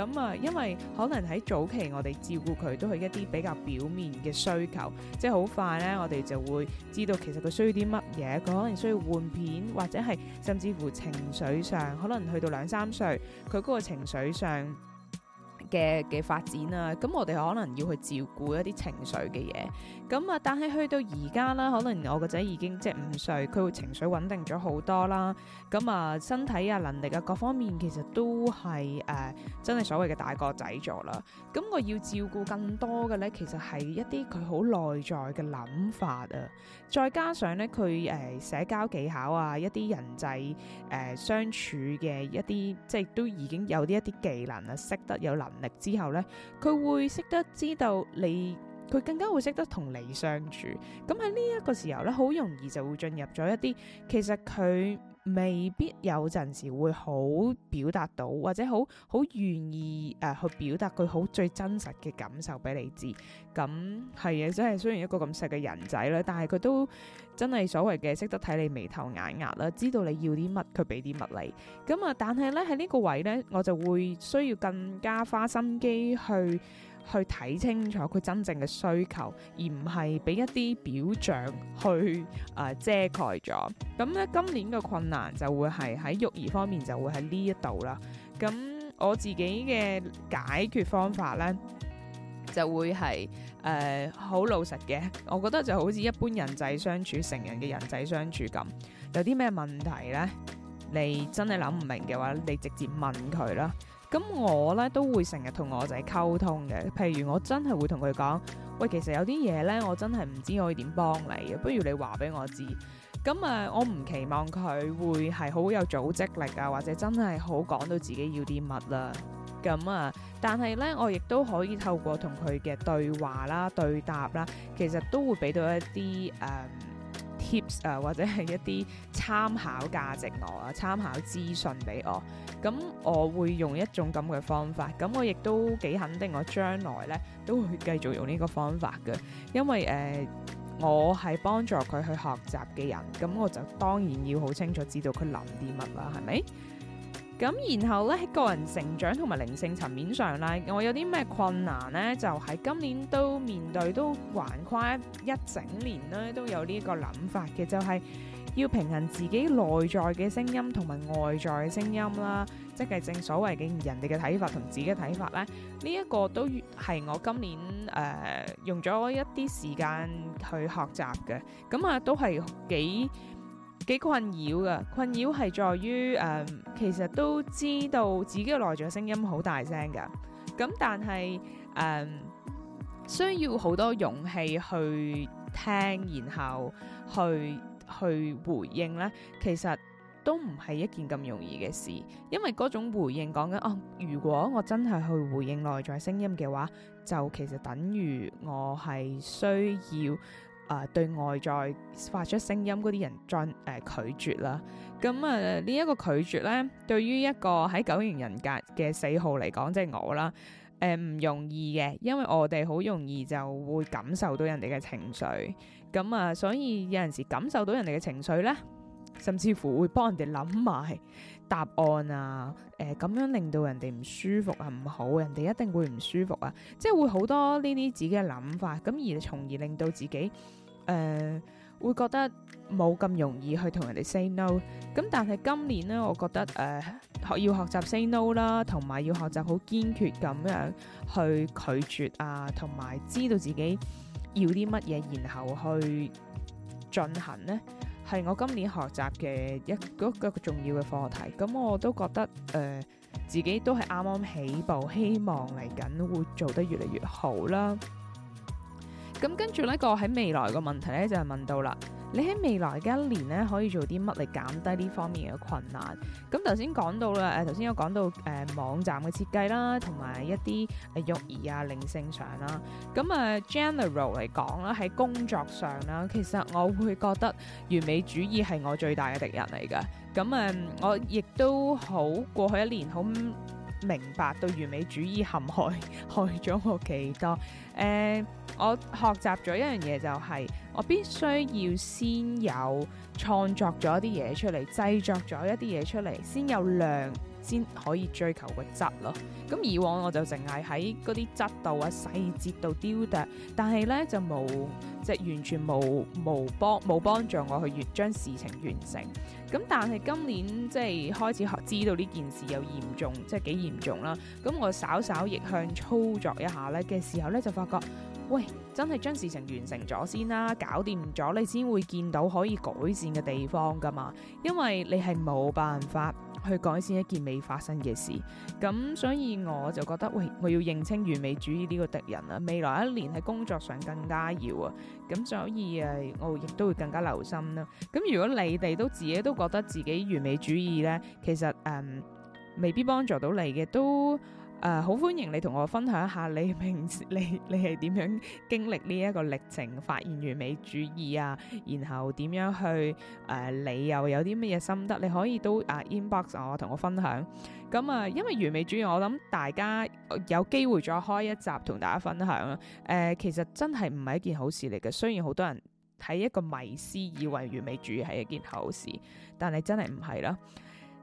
咁啊、嗯，因為可能喺早期我哋照顧佢都係一啲比較表面嘅需求，即係好快咧，我哋就會知道其實佢需要啲乜嘢，佢可能需要換片或者係甚至乎情緒上，可能去到兩三歲，佢嗰個情緒上。嘅嘅發展啦，咁我哋可能要去照顧一啲情緒嘅嘢，咁啊，但係去到而家啦，可能我個仔已經即係五歲，佢會情緒穩定咗好多啦，咁啊，身體啊、能力啊各方面其實都係誒、呃、真係所謂嘅大個仔咗啦。咁我要照顧更多嘅咧，其實係一啲佢好內在嘅諗法啊，再加上咧佢誒社交技巧啊，一啲人際誒、呃、相處嘅一啲即係都已經有啲一啲技能啊，識得有能力。力之後咧，佢會識得知道你。佢更加會識得同你相處，咁喺呢一個時候咧，好容易就會進入咗一啲其實佢未必有陣時會好表達到，或者好好願意誒、呃、去表達佢好最真實嘅感受俾你知。咁係啊，即係雖然一個咁細嘅人仔啦，但係佢都真係所謂嘅識得睇你眉頭眼額啦，知道你要啲乜，佢俾啲乜你。咁啊，但係咧喺呢個位咧，我就會需要更加花心機去。去睇清楚佢真正嘅需求，而唔係俾一啲表象去啊、呃、遮蓋咗。咁咧，今年嘅困難就會係喺育兒方面，就會喺呢一度啦。咁我自己嘅解決方法呢，就會係誒好老實嘅。我覺得就好似一般人際相處、成人嘅人際相處咁，有啲咩問題呢？你真係諗唔明嘅話，你直接問佢啦。咁我咧都會成日同我仔溝通嘅，譬如我真係會同佢講，喂，其實有啲嘢咧，我真係唔知可以點幫你嘅，不如你話俾我知。咁啊，我唔期望佢會係好有組織力啊，或者真係好講到自己要啲乜啦。咁啊，但係咧，我亦都可以透過同佢嘅對話啦、對答啦，其實都會俾到一啲誒。嗯啊，或者係一啲參考價值我啊，參考資訊俾我，咁我會用一種咁嘅方法，咁我亦都幾肯定我將來咧都會繼續用呢個方法嘅，因為誒、呃、我係幫助佢去學習嘅人，咁我就當然要好清楚知道佢諗啲乜啦，係咪？咁然後咧喺個人成長同埋靈性層面上啦，我有啲咩困難呢？就係今年都面對都橫跨一整年咧，都有呢個諗法嘅，就係要平衡自己內在嘅聲音同埋外在嘅聲音啦，即係正所謂嘅人哋嘅睇法同自己嘅睇法咧，呢一個都係我今年誒用咗一啲時間去學習嘅，咁啊都係幾，幾困擾噶，困擾係在於誒、嗯，其實都知道自己嘅內在聲音好大聲噶，咁、嗯、但係誒、嗯，需要好多勇氣去聽，然後去去回應咧，其實都唔係一件咁容易嘅事，因為嗰種回應講緊哦，如果我真係去回應內在聲音嘅話，就其實等於我係需要。啊、呃，對外在發出聲音嗰啲人再誒、呃、拒絕啦。咁、嗯、啊，呢、呃、一、這個拒絕咧，對於一個喺九型人格嘅四號嚟講，即係我啦，誒唔容易嘅，因為我哋好容易就會感受到人哋嘅情緒。咁、嗯、啊、呃，所以有陣時感受到人哋嘅情緒咧，甚至乎會幫人哋諗埋答案啊，誒、呃、咁樣令到人哋唔舒服啊，唔好，人哋一定會唔舒服啊，即係會好多呢啲自己嘅諗法，咁、呃、而從而令到自己。誒、呃，會覺得冇咁容易去同人哋 say no，咁但係今年呢，我覺得誒，學、呃、要學習 say no 啦，同埋要學習好堅決咁樣去拒絕啊，同埋知道自己要啲乜嘢，然後去進行呢，係我今年學習嘅一嗰一個重要嘅課題。咁我都覺得誒、呃，自己都係啱啱起步，希望嚟緊會做得越嚟越好啦。咁跟住呢個喺未來個問題咧，就係問到啦。你喺未來嘅一年咧，可以做啲乜嚟減低呢方面嘅困難？咁頭先講到啦，誒頭先有講到誒網站嘅設計啦，同埋一啲誒育兒啊、靈性上啦。咁啊，general 嚟講啦，喺工作上啦，其實我會覺得完美主義係我最大嘅敵人嚟㗎。咁誒，我亦都好過去一年好明白到完美主義陷害害咗我幾多誒。我學習咗一樣嘢，就係我必須要先有創作咗一啲嘢出嚟，製作咗一啲嘢出嚟，先有量，先可以追求個質咯。咁以往我就淨係喺嗰啲質度啊、細節度雕琢，但係呢就冇即係完全冇冇幫冇幫助我去完將事情完成。咁但係今年即係開始學知道呢件事有嚴重，即係幾嚴重啦。咁我稍稍逆向操作一下呢嘅時候呢，就發覺。喂，真係將事情完成咗先啦，搞掂咗你先會見到可以改善嘅地方噶嘛。因為你係冇辦法去改善一件未發生嘅事，咁所以我就覺得喂，我要認清完美主義呢個敵人啦。未來一年喺工作上更加要啊，咁所以誒，我亦都會更加留心啦。咁如果你哋都自己都覺得自己完美主義呢，其實誒，嗯，未必幫助到你嘅都。誒好、呃、歡迎你同我分享一下你明，你你係點樣經歷呢一個歷程，發現完美主義啊，然後點樣去誒、呃、你又有啲乜嘢心得？你可以都啊 inbox 我同我分享。咁、嗯、啊，因為完美主義，我諗大家有機會再開一集同大家分享啦。誒、呃，其實真係唔係一件好事嚟嘅。雖然好多人睇一個迷思以為完美主義係一件好事，但係真係唔係啦。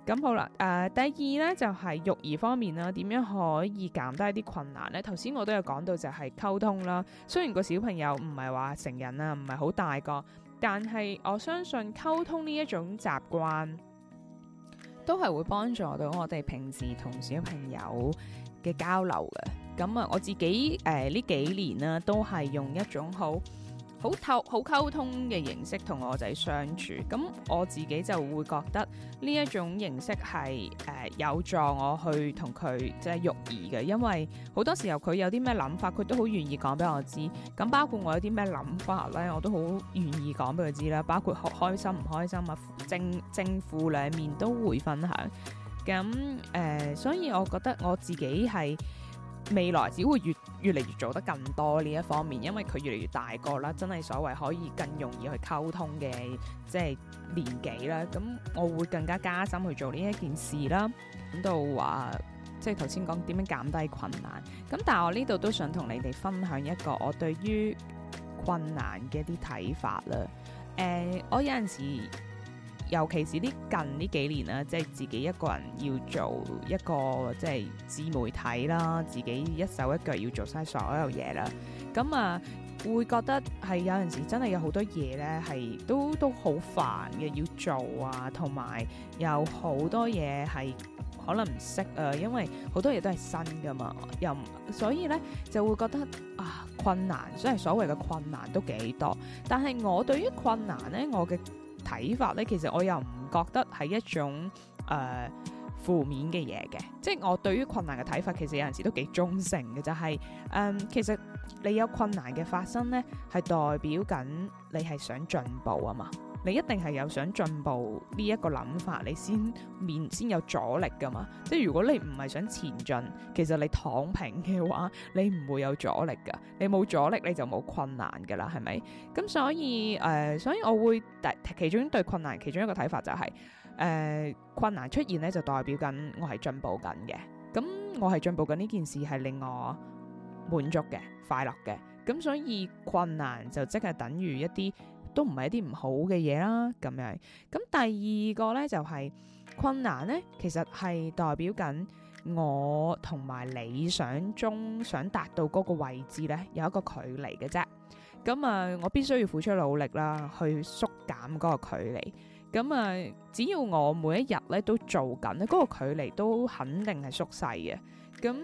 咁好啦，誒、呃、第二呢，就係、是、育兒方面啦，點樣可以減低啲困難呢？頭先我都有講到就係溝通啦。雖然個小朋友唔係話成人啊，唔係好大個，但係我相信溝通呢一種習慣都係會幫助到我哋平時同小朋友嘅交流嘅。咁啊，我自己誒呢、呃、幾年啦、啊，都係用一種好。好透好溝通嘅形式同我仔相處，咁我自己就會覺得呢一種形式係誒、呃、有助我去同佢即係育兒嘅，因為好多時候佢有啲咩諗法，佢都好願意講俾我知。咁包括我有啲咩諗法咧，我都好願意講俾佢知啦。包括開心唔開心啊，正正負兩面都會分享。咁誒、呃，所以我覺得我自己係。未來只會越越嚟越做得更多呢一方面，因為佢越嚟越大個啦，真係所謂可以更容易去溝通嘅即係年紀啦。咁我會更加加深去做呢一件事啦。咁到話即係頭先講點樣減低困難。咁但係我呢度都想同你哋分享一個我對於困難嘅一啲睇法啦。誒、呃，我有陣時。尤其是啲近呢幾年啦，即係自己一個人要做一個即係自媒體啦，自己一手一腳要做晒所有嘢啦。咁啊，會覺得係有陣時真係有好多嘢咧，係都都好煩嘅，要做啊，同埋有好多嘢係可能唔識啊，因為好多嘢都係新噶嘛，又唔，所以咧就會覺得啊困難，所以所謂嘅困難都幾多。但係我對於困難咧，我嘅睇法咧，其實我又唔覺得係一種誒、呃、負面嘅嘢嘅，即係我對於困難嘅睇法，其實有陣時都幾中性嘅，就係、是、誒、呃，其實你有困難嘅發生咧，係代表緊你係想進步啊嘛。你一定係有想進步呢一個諗法，你先面先有阻力噶嘛？即係如果你唔係想前進，其實你躺平嘅話，你唔會有阻力噶。你冇阻力，你就冇困難噶啦，係咪？咁所以誒、呃，所以我會第其中對困難其中一個睇法就係、是、誒、呃，困難出現咧就代表緊我係進步緊嘅。咁我係進步緊呢件事係令我滿足嘅、快樂嘅。咁所以困難就即係等於一啲。都唔係一啲唔好嘅嘢啦，咁樣。咁第二個呢，就係困難呢，其實係代表緊我同埋理想中想達到嗰個位置呢，有一個距離嘅啫。咁啊，我必須要付出努力啦，去縮減嗰個距離。咁啊，只要我每一日呢都做緊，嗰個距離都肯定係縮細嘅。咁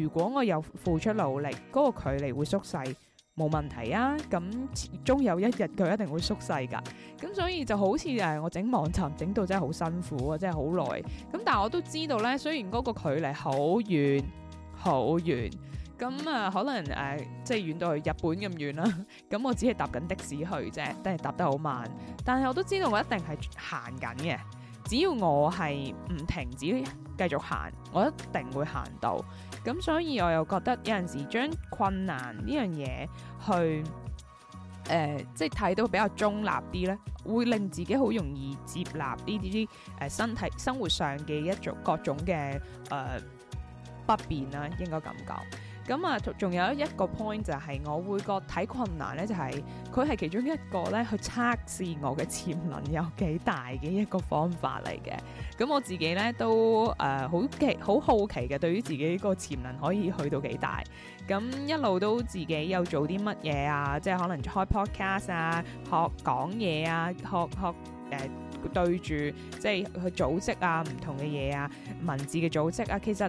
如果我有付出努力，嗰個距離會縮細。冇問題啊！咁始終有一日佢一定會縮細㗎，咁所以就好似誒我整網站整到真係好辛苦啊，真係好耐。咁但係我都知道咧，雖然嗰個距離好遠好遠，咁啊、呃、可能誒、呃、即係遠到去日本咁遠啦。咁 <laughs> 我只係搭緊的士去啫，都係搭得好慢。但係我都知道我一定係行緊嘅，只要我係唔停止繼續行，我一定會行到。咁所以我又覺得有陣時將困難呢樣嘢去誒、呃，即係睇到比較中立啲咧，會令自己好容易接納呢啲啲誒身體生活上嘅一種各種嘅誒、呃、不便啦，應該咁講。咁啊，仲、嗯、有一個 point 就係、是、我會覺睇困難咧，就係佢係其中一個咧去測試我嘅潛能有幾大嘅一個方法嚟嘅。咁我自己咧都誒、呃、好奇好好奇嘅，對於自己個潛能可以去到幾大。咁一路都自己有做啲乜嘢啊？即係可能開 podcast 啊，學講嘢啊，學學誒、呃、對住即係去組織啊，唔同嘅嘢啊，文字嘅組織啊，其實。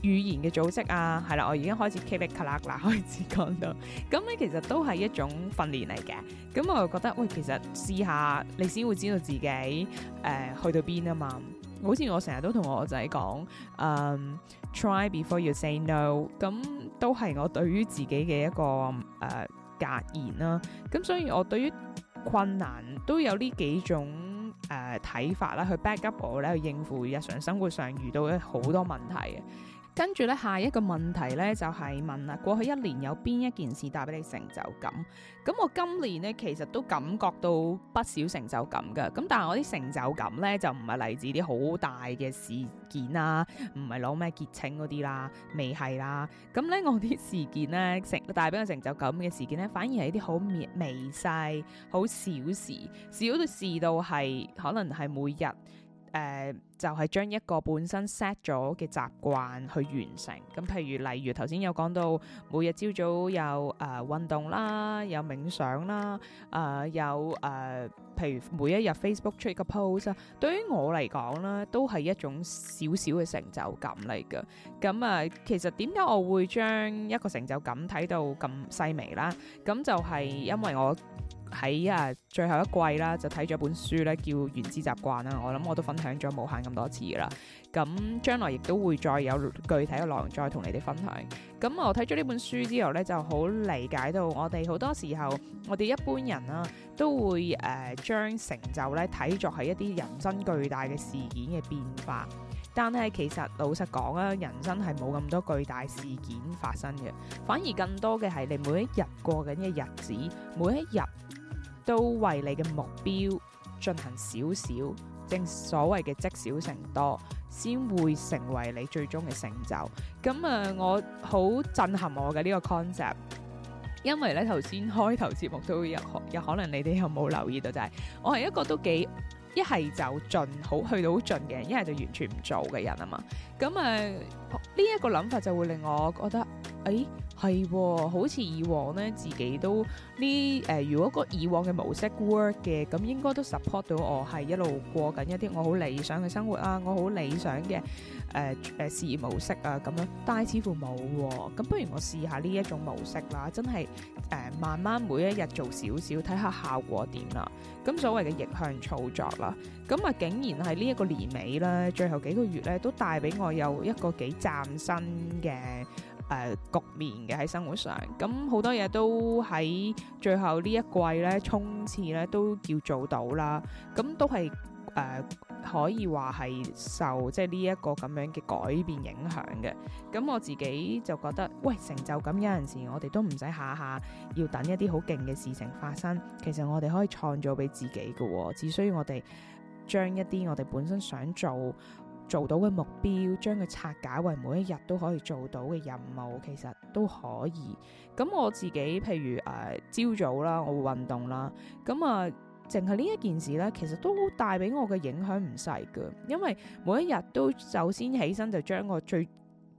語言嘅組織啊，係啦，我已經開始 click click 啦，開始講到，咁、嗯、咧其實都係一種訓練嚟嘅。咁、嗯、我又覺得，喂，其實試下你先會知道自己誒、呃、去到邊啊嘛。好似我成日都同我仔講，嗯，try before you say no，咁、嗯、都係我對於自己嘅一個誒、呃、格言啦、啊。咁、嗯、所以我對於困難都有呢幾種誒睇、呃、法啦，去 back up 我咧去應付日常生活上遇到嘅好多問題嘅。跟住咧，下一個問題咧就係、是、問啦，過去一年有邊一件事帶俾你成就感？咁我今年咧，其實都感覺到不少成就感噶。咁但係我啲成就感咧，就唔係嚟自啲好大嘅事件啦，唔係攞咩結清嗰啲啦，未係啦。咁咧我啲事件咧成帶俾我成就感嘅事件咧，反而係一啲好微微細、好小事，小到事到係可能係每日。誒、呃、就係、是、將一個本身 set 咗嘅習慣去完成，咁譬如例如頭先有講到每日朝早有誒、呃、運動啦，有冥想啦，誒、呃、有誒、呃、譬如每一日 Facebook t 出一個 pose，對於我嚟講咧，都係一種少少嘅成就感嚟嘅。咁啊、呃，其實點解我會將一個成就感睇到咁細微啦？咁就係因為我，嗯喺啊，最後一季啦，就睇咗本書咧，叫《原子習慣》啦。我諗我都分享咗無限咁多次啦。咁將來亦都會再有具體嘅內容再同你哋分享。咁我睇咗呢本書之後咧，就好理解到我哋好多時候，我哋一般人啊，都會誒、呃、將成就咧睇作係一啲人生巨大嘅事件嘅變化。但係其實老實講啊，人生係冇咁多巨大事件發生嘅，反而更多嘅係你每一日過緊嘅日子，每一日。都為你嘅目標進行少少，正所謂嘅積少成多，先會成為你最終嘅成就。咁啊、呃，我好震撼我嘅呢、這個 concept，因為咧頭先開頭節目都有有，有可能你哋有冇留意到就係、是，我係一個都幾一係就盡好去到好盡嘅人，一係就完全唔做嘅人啊嘛。咁誒呢一個諗法，就會令我覺得，誒、哎、係、哦、好似以往咧，自己都呢誒、呃、如果個以往嘅模式 work 嘅，咁應該都 support 到我係一路過緊一啲我好理想嘅生活啊，我好理想嘅誒誒事業模式啊咁樣，但係似乎冇喎、哦，咁不如我試下呢一種模式啦，真係誒、呃、慢慢每一日做少少，睇下效果點啦。咁所謂嘅逆向操作啦，咁啊竟然係呢一個年尾咧，最後幾個月咧都帶俾我，我有一個幾嶄新嘅誒局面嘅喺生活上，咁好多嘢都喺最後呢一季呢，衝刺呢都叫做到啦，咁都係誒、呃、可以話係受即係呢一個咁樣嘅改變影響嘅，咁我自己就覺得喂，成就咁有陣時我哋都唔使下下要等一啲好勁嘅事情發生，其實我哋可以創造俾自己嘅，哦，只需要我哋將一啲我哋本身想做，做到嘅目標，將佢拆解為每一日都可以做到嘅任務，其實都可以。咁我自己譬如誒朝、呃、早啦，我會運動啦，咁啊，淨係呢一件事咧，其實都帶俾我嘅影響唔細㗎，因為每一日都首先起身就將我最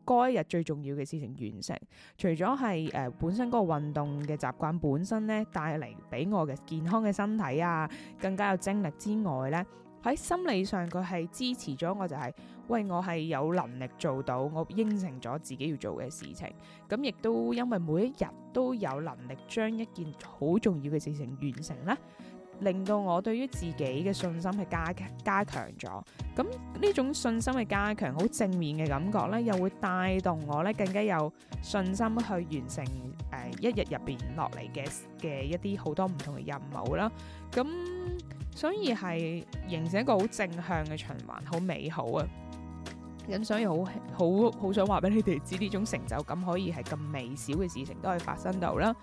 嗰一日最重要嘅事情完成。除咗係誒本身嗰個運動嘅習慣本身咧帶嚟俾我嘅健康嘅身體啊，更加有精力之外咧。喺心理上，佢係支持咗我，就係，就係喂，我係有能力做到，我應承咗自己要做嘅事情，咁亦都因為每一日都有能力將一件好重要嘅事情完成啦。令到我對於自己嘅信心係加加強咗，咁呢種信心嘅加強好正面嘅感覺咧，又會帶動我咧更加有信心去完成誒、呃、一日入邊落嚟嘅嘅一啲好多唔同嘅任務啦，咁所以係形成一個好正向嘅循環，好美好啊！咁所以好好好想話俾你哋知，呢種成就感可以係咁微小嘅事情都可以發生到啦。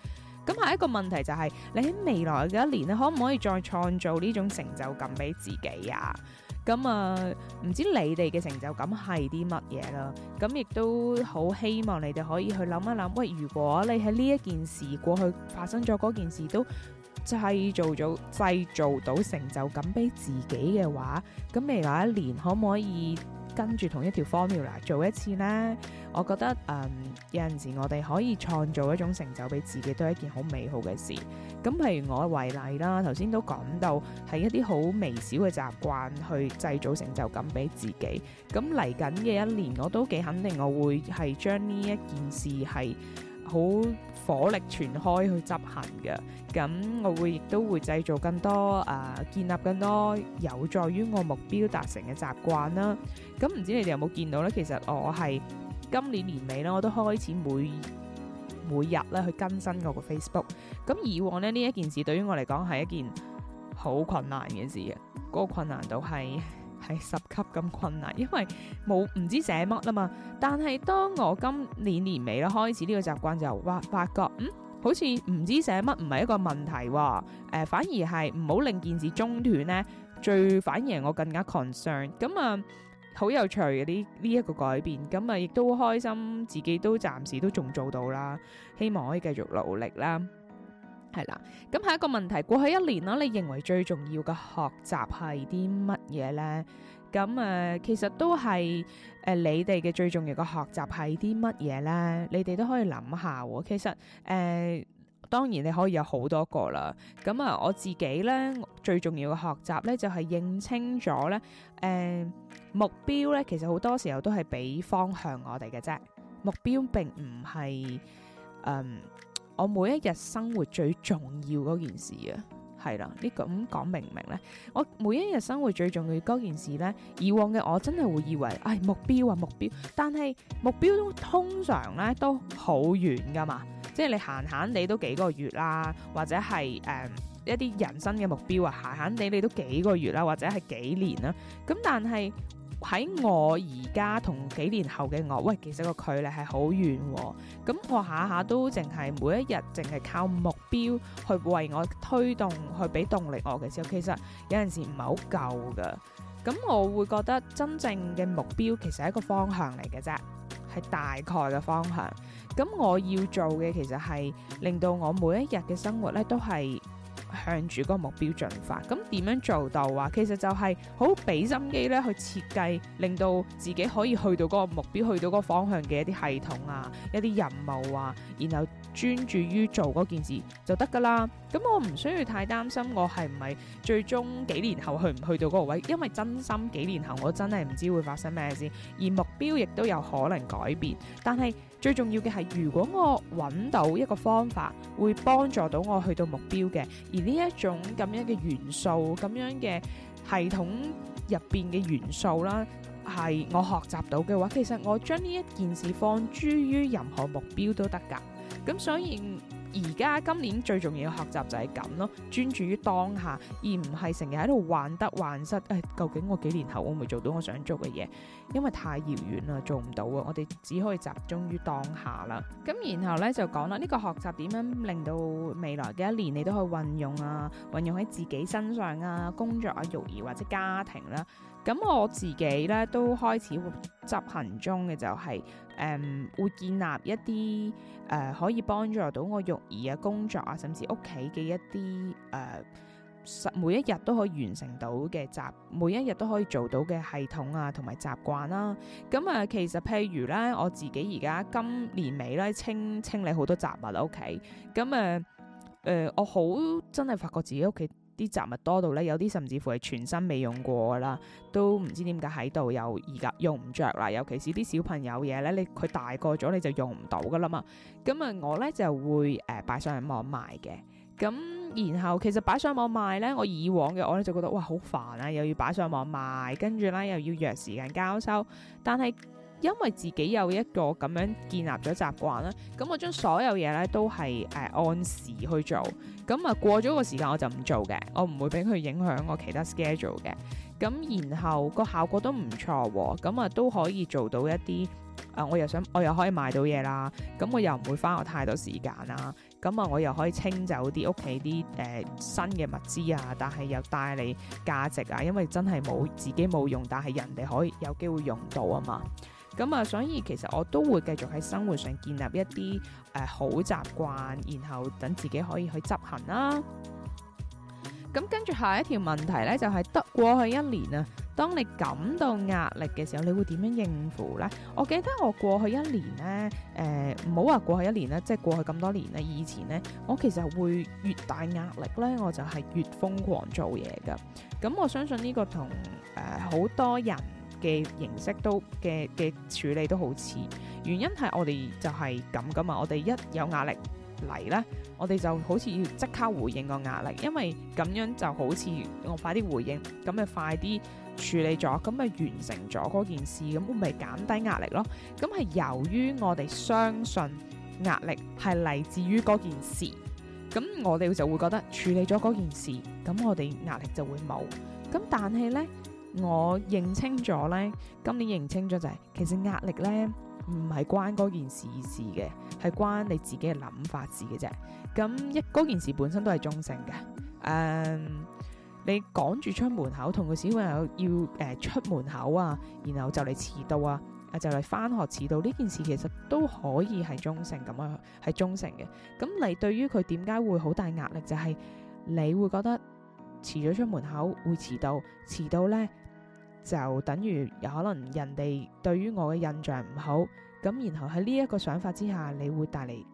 咁下一個問題、就是，就係你喺未來嘅一年咧，可唔可以再創造呢種成就感俾自己呀？咁、嗯、啊，唔知你哋嘅成就感係啲乜嘢啦？咁、嗯、亦都好希望你哋可以去諗一諗，喂，如果你喺呢一件事過去發生咗嗰件事，都製造咗製造到成就感俾自己嘅話，咁未來一年可唔可以？跟住同一條 formula 做一次咧，我覺得誒有陣時我哋可以創造一種成就俾自己，都係一件好美好嘅事。咁譬如我為例啦，頭先都講到係一啲好微小嘅習慣去製造成就感俾自己。咁嚟緊嘅一年，我都幾肯定我會係將呢一件事係。好火力全開去執行嘅，咁我會亦都會製造更多誒、呃，建立更多有助於我目標達成嘅習慣啦。咁唔知你哋有冇見到呢？其實我係今年年尾咧，我都開始每每日咧去更新我個 Facebook。咁以往呢，呢一件事對於我嚟講係一件好困難嘅事，嗰、嗰個困難度係。係十級咁困難，因為冇唔知寫乜啦嘛。但係當我今年年尾啦，開始呢個習慣就發發覺，嗯，好似唔知寫乜唔係一個問題喎。誒，反而係唔好令件事中斷咧，最反而係我更加 concern。咁啊，好有趣嘅呢呢一個改變。咁啊，亦都開心自己都暫時都仲做到啦，希望可以繼續努力啦。係啦，咁下一個問題，過去一年啦，你認為最重要嘅學習係啲乜嘢呢？咁誒、呃，其實都係誒、呃，你哋嘅最重要嘅學習係啲乜嘢呢？你哋都可以諗下。其實誒、呃，當然你可以有好多個啦。咁啊、呃，我自己咧最重要嘅學習咧就係、是、認清咗咧，誒、呃、目標咧，其實好多時候都係俾方向我哋嘅啫。目標並唔係誒。嗯我每一日生活最重要嗰件事啊，係啦，呢個咁講明唔明咧？我每一日生活最重要嗰件事咧，以往嘅我真係會以為，哎，目標啊目標，但係目標都通常咧都好遠噶嘛，即係你閒閒地都幾個月啦、啊，或者係誒、um, 一啲人生嘅目標啊，閒閒地你都幾個月啦、啊，或者係幾年啦、啊，咁但係。喺我而家同幾年後嘅我，喂，其實個距離係好遠喎。咁我下下都淨係每一日淨係靠目標去為我推動去俾動力我嘅時候，其實有陣時唔係好夠㗎。咁我會覺得真正嘅目標其實係一個方向嚟嘅啫，係大概嘅方向。咁我要做嘅其實係令到我每一日嘅生活呢都係，向住嗰個目標進發，咁點樣做到啊？其實就係好俾心機咧，去設計令到自己可以去到嗰個目標，去到嗰個方向嘅一啲系統啊，一啲任務啊，然後專注於做嗰件事就得㗎喇。咁我唔需要太擔心，我係唔係最終幾年後去唔去到嗰個位？因為真心幾年後，我真係唔知會發生咩先。而目標亦都有可能改變，但係。最重要嘅係，如果我揾到一個方法會幫助到我去到目標嘅，而呢一種咁樣嘅元素、咁樣嘅系統入邊嘅元素啦，係我學習到嘅話，其實我將呢一件事放諸於任何目標都得噶，咁所以。而家今年最重要嘅學習就係咁咯，專注於當下，而唔係成日喺度患得患失。誒、哎，究竟我幾年後我會做到我想做嘅嘢？因為太遙遠啦，做唔到啊！我哋只可以集中於當下啦。咁然後咧就講啦，呢個學習點樣令到未來嘅一年你都可以運用啊，運用喺自己身上啊，工作啊，育兒或者家庭啦、啊。咁我自己咧都開始執行中嘅就係、是、誒、嗯、會建立一啲誒、呃、可以幫助到我育兒啊、工作啊，甚至屋企嘅一啲誒、呃，每一日都可以完成到嘅習，每一日都可以做到嘅系統啊，同埋習慣啦。咁、嗯、啊，其實譬如咧，我自己而家今年尾咧清清理好多雜物喺屋企，咁啊誒，我好真係發覺自己屋企。啲雜物多到咧，有啲甚至乎係全新未用過㗎啦，都唔知點解喺度又而家用唔着啦。尤其是啲小朋友嘢咧，你佢大個咗你就用唔到噶啦嘛。咁啊，我咧就會誒擺、呃、上網賣嘅。咁然後其實擺上網賣咧，我以往嘅我咧就覺得哇好煩啊，又要擺上網賣，跟住咧又要約時間交收，但係，因為自己有一個咁樣建立咗習慣啦，咁我將所有嘢咧都係誒按時去做，咁啊過咗個時間我就唔做嘅，我唔會俾佢影響我其他 schedule 嘅。咁然後個效果都唔錯喎，咁啊都可以做到一啲啊我又想我又可以賣到嘢啦，咁我又唔會花我太多時間啦，咁啊我又可以清走啲屋企啲誒新嘅物資啊，但係又帶嚟價值啊，因為真係冇自己冇用，但係人哋可以有機會用到啊嘛。咁啊，所以其實我都會繼續喺生活上建立一啲誒、呃、好習慣，然後等自己可以去執行啦。咁跟住下一條問題咧，就係、是、得過去一年啊，當你感到壓力嘅時候，你會點樣應付呢？我記得我過去一年呢，誒唔好話過去一年啦，即係過去咁多年啊，以前呢，我其實會越大壓力咧，我就係越瘋狂做嘢㗎。咁我相信呢個同誒好多人嘅形式都嘅嘅處理都好似，原因係我哋就係咁噶嘛，我哋一有壓力嚟呢，我哋就好似要即刻回應個壓力，因為咁樣就好似我快啲回應，咁咪快啲處理咗，咁咪完成咗嗰件事，咁咪減低壓力咯。咁係由於我哋相信壓力係嚟自於嗰件事，咁我哋就會覺得處理咗嗰件事，咁我哋壓力就會冇。咁但係呢。我認清咗呢，今年認清咗就係、是、其實壓力呢唔係關嗰件事事嘅，係關你自己嘅諗法事嘅啫。咁一嗰件事本身都係中性嘅。誒、嗯，你趕住出門口，同個小朋友要誒出門口啊，然後就嚟遲到啊，啊就嚟返學遲到呢件事其實都可以係中性咁啊，係中性嘅。咁你對於佢點解會好大壓力，就係、是、你會覺得遲咗出門口會遲到，遲到呢。就等於有可能人哋對於我嘅印象唔好，咁然後喺呢一個想法之下，你會帶嚟誒、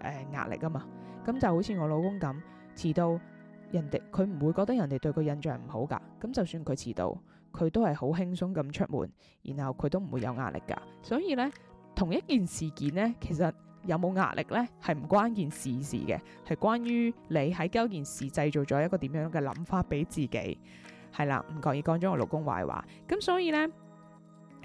呃、壓力啊嘛。咁就好似我老公咁，遲到人哋佢唔會覺得人哋對佢印象唔好噶。咁就算佢遲到，佢都係好輕鬆咁出門，然後佢都唔會有壓力噶。所以呢，同一件事件呢，其實有冇壓力呢？係唔關件事事嘅，係關於你喺交件事製造咗一個點樣嘅諗法俾自己。係啦，唔覺意講咗我老公壞話，咁所以呢，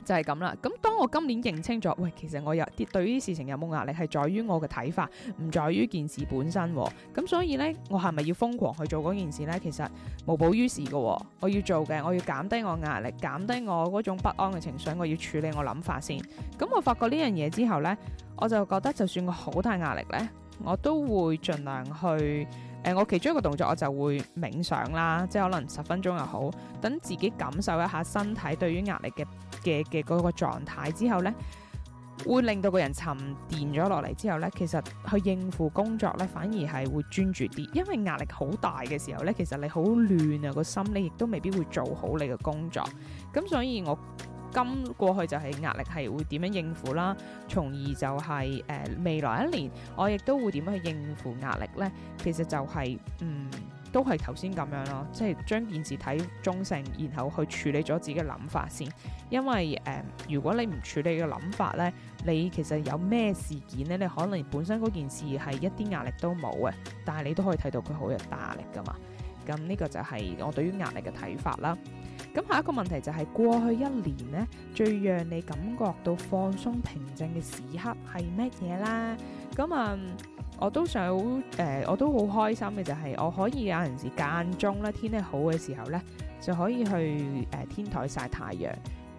就係咁啦。咁當我今年認清咗，喂，其實我有啲對於事情有冇壓力，係在於我嘅睇法，唔在於件事本身。咁所以呢，我係咪要瘋狂去做嗰件事呢？其實無補於事㗎。我要做嘅，我要減低我壓力，減低我嗰種不安嘅情緒。我要處理我諗法先。咁我發覺呢樣嘢之後呢，我就覺得就算我好大壓力呢，我都會盡量去。誒、呃，我其中一個動作我就會冥想啦，即係可能十分鐘又好，等自己感受一下身體對於壓力嘅嘅嘅嗰個狀態之後呢，會令到個人沉澱咗落嚟之後呢，其實去應付工作呢，反而係會專注啲，因為壓力好大嘅時候呢，其實你好亂啊、個心，你亦都未必會做好你嘅工作，咁所以我。今過去就係壓力，係會點樣應付啦？從而就係、是、誒、呃、未來一年，我亦都會點樣去應付壓力呢？其實就係、是、嗯，都係頭先咁樣咯，即、就、係、是、將件事睇中性，然後去處理咗自己嘅諗法先。因為誒、呃，如果你唔處理嘅諗法呢，你其實有咩事件呢？你可能本身嗰件事係一啲壓力都冇嘅，但係你都可以睇到佢好有壓力㗎嘛。咁呢個就係我對於壓力嘅睇法啦。咁下一個問題就係、是、過去一年呢，最讓你感覺到放鬆平靜嘅時刻係乜嘢啦？咁啊、嗯，我都想誒、呃，我都好開心嘅就係、是、我可以有陣時間中咧，天氣好嘅時候呢，就可以去誒、呃、天台晒太陽。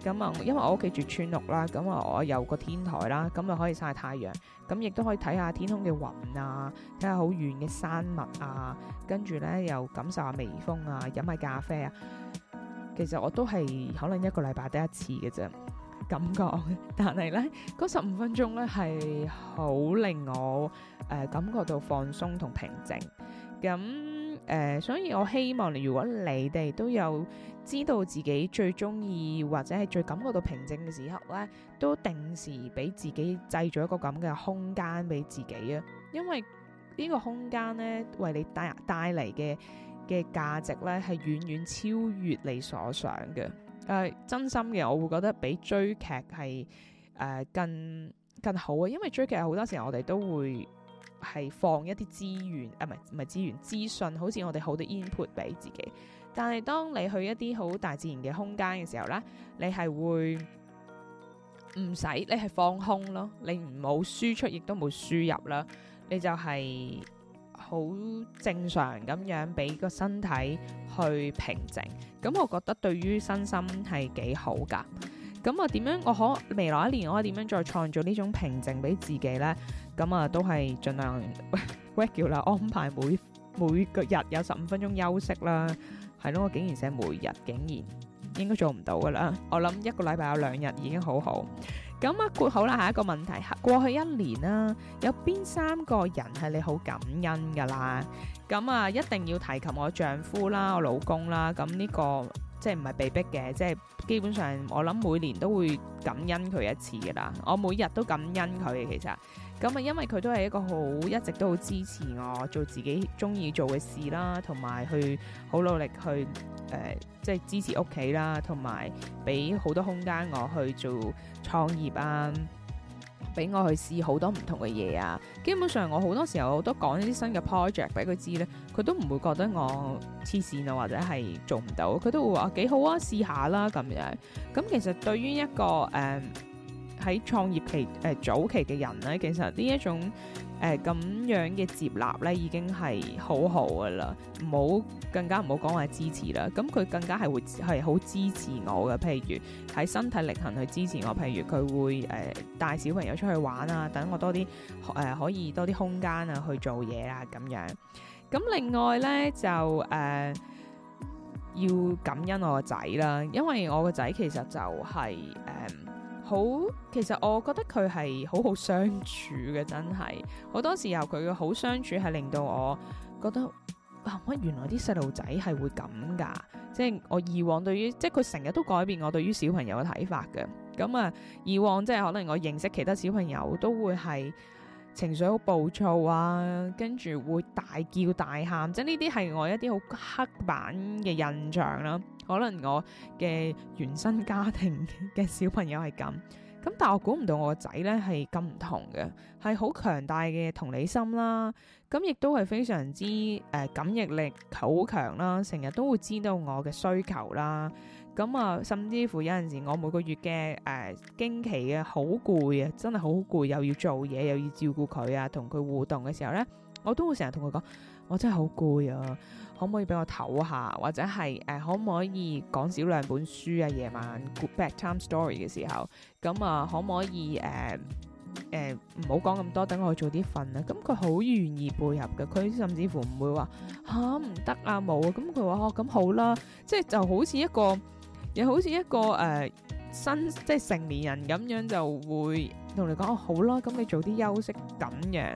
咁啊，因為我屋企住村屋啦，咁啊我有個天台啦，咁啊可以晒太陽，咁亦都可以睇下天空嘅雲啊，睇下好遠嘅山脈啊，跟住呢又感受下微風啊，飲下咖啡啊。其實我都係可能一個禮拜得一次嘅啫，咁講。 <laughs> 但係呢嗰十五分鐘呢係好令我誒、呃、感覺到放鬆同平靜。咁誒、呃，所以我希望如果你哋都有知道自己最中意或者係最感覺到平靜嘅時刻呢，都定時俾自己製造一個咁嘅空間俾自己啊。因為呢個空間呢，為你帶帶嚟嘅。嘅價值咧係遠遠超越你所想嘅。誒、呃、真心嘅，我會覺得比追劇係誒、呃、更更好啊！因為追劇好多時候我哋都會係放一啲資源，啊唔係唔係資源，資訊，好似我哋好多 input 俾自己。但係當你去一啲好大自然嘅空間嘅時候咧，你係會唔使你係放空咯，你唔好輸出亦都冇輸入啦，你就係、是。好正常咁樣俾個身體去平靜，咁我覺得對於身心係幾好噶。咁啊，點樣我可未來一年我可以點樣再創造呢種平靜俾自己呢？咁啊，都係盡量 regular 安排每每個日有十五分鐘休息啦。係咯，我竟然寫每日，竟然應該做唔到噶啦。我諗一個禮拜有兩日已經好好。咁啊，括、嗯、好啦，下一個問題。過去一年啦，有邊三個人係你好感恩噶啦？咁啊，一定要提及我丈夫啦，我老公啦。咁呢、呢個即係唔係被逼嘅，即係基本上我諗每年都會感恩佢一次噶啦。我每日都感恩佢嘅，其實。咁啊，因為佢都係一個好，一直都好支持我做自己中意做嘅事啦，同埋去好努力去誒，即係支持屋企啦，同埋俾好多空間我去做創業啊，俾我去試好多唔同嘅嘢啊。基本上我好多時候都講一啲新嘅 project 俾佢知咧，佢都唔會覺得我黐線啊，或者係做唔到，佢都會話幾、啊、好啊，試下啦咁樣。咁其實對於一個誒。呃喺創業期誒、呃、早期嘅人咧，其實呢一種誒咁、呃、樣嘅接納咧，已經係好好噶啦。唔好更加唔好講話支持啦。咁佢更加係會係好支持我嘅。譬如喺身體力行去支持我。譬如佢會誒、呃、帶小朋友出去玩啊，等我多啲誒、呃、可以多啲空間啊去做嘢啊咁樣。咁另外咧就誒、呃、要感恩我個仔啦，因為我個仔其實就係、係、誒。呃好，其實我覺得佢係好好相處嘅，真係好多時候佢嘅好相處係令到我覺得啊，唔係原來啲細路仔係會咁噶，即係我以往對於即係佢成日都改變我對於小朋友嘅睇法嘅。咁啊，以往即係可能我認識其他小朋友都會係情緒好暴躁啊，跟住會大叫大喊，即係呢啲係我一啲好刻板嘅印象啦。可能我嘅原生家庭嘅小朋友係咁，咁但我估唔到我個仔呢係咁唔同嘅，係好強大嘅同理心啦，咁亦都係非常之誒感應力好強啦，成日都會知道我嘅需求啦，咁啊甚至乎有陣時我每個月嘅誒經期嘅好攰啊，真係好攰，又要做嘢，又要照顧佢啊，同佢互動嘅時候呢，我都會成日同佢講，我真係好攰啊！可唔可以俾我唞下，或者係誒、呃、可唔可以講少兩本書啊？夜晚 good back time story 嘅時候，咁、嗯、啊可唔可以誒誒唔好講咁多，等我去早啲瞓啊？咁佢好願意配合嘅，佢甚至乎唔會話吓，唔得啊冇啊，咁佢話哦咁好啦，即、就、係、是、就好似一個又好似一個誒、呃、新即係、就是、成年人咁樣就會同你講、哦、好啦，咁你早啲休息咁樣。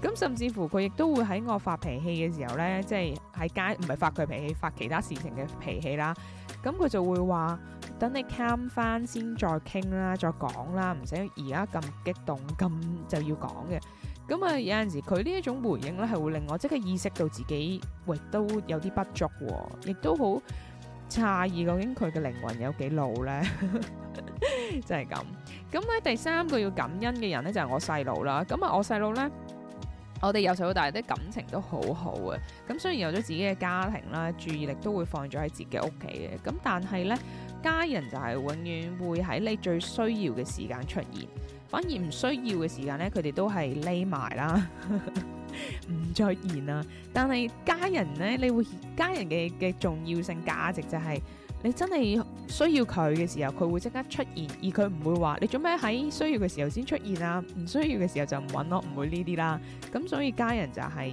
咁甚至乎佢亦都會喺我發脾氣嘅時候呢，即係喺街唔係發佢脾氣，發其他事情嘅脾氣啦。咁佢就會話：等你 calm 翻先，再傾啦，再講啦，唔使而家咁激動，咁就要講嘅。咁啊，有陣時佢呢一種回應呢，係會令我即係意識到自己喂都有啲不足，亦都好詫異究竟佢嘅靈魂有幾老呢，真係咁。咁呢第三個要感恩嘅人呢就係我細佬啦。咁啊，我細佬呢。我哋由細到大啲感情都好好啊。咁雖然有咗自己嘅家庭啦，注意力都會放咗喺自己屋企嘅，咁但係呢，家人就係永遠會喺你最需要嘅時間出現，反而唔需要嘅時間呢，佢哋都係匿埋啦，唔 <laughs> 出現啦。但係家人呢，你會家人嘅嘅重要性價值就係，是。你真係需要佢嘅時候，佢會即刻出現，而佢唔會話你做咩喺需要嘅時候先出現啊，唔需要嘅時候就唔搵咯，唔會呢啲啦。咁所以家人就係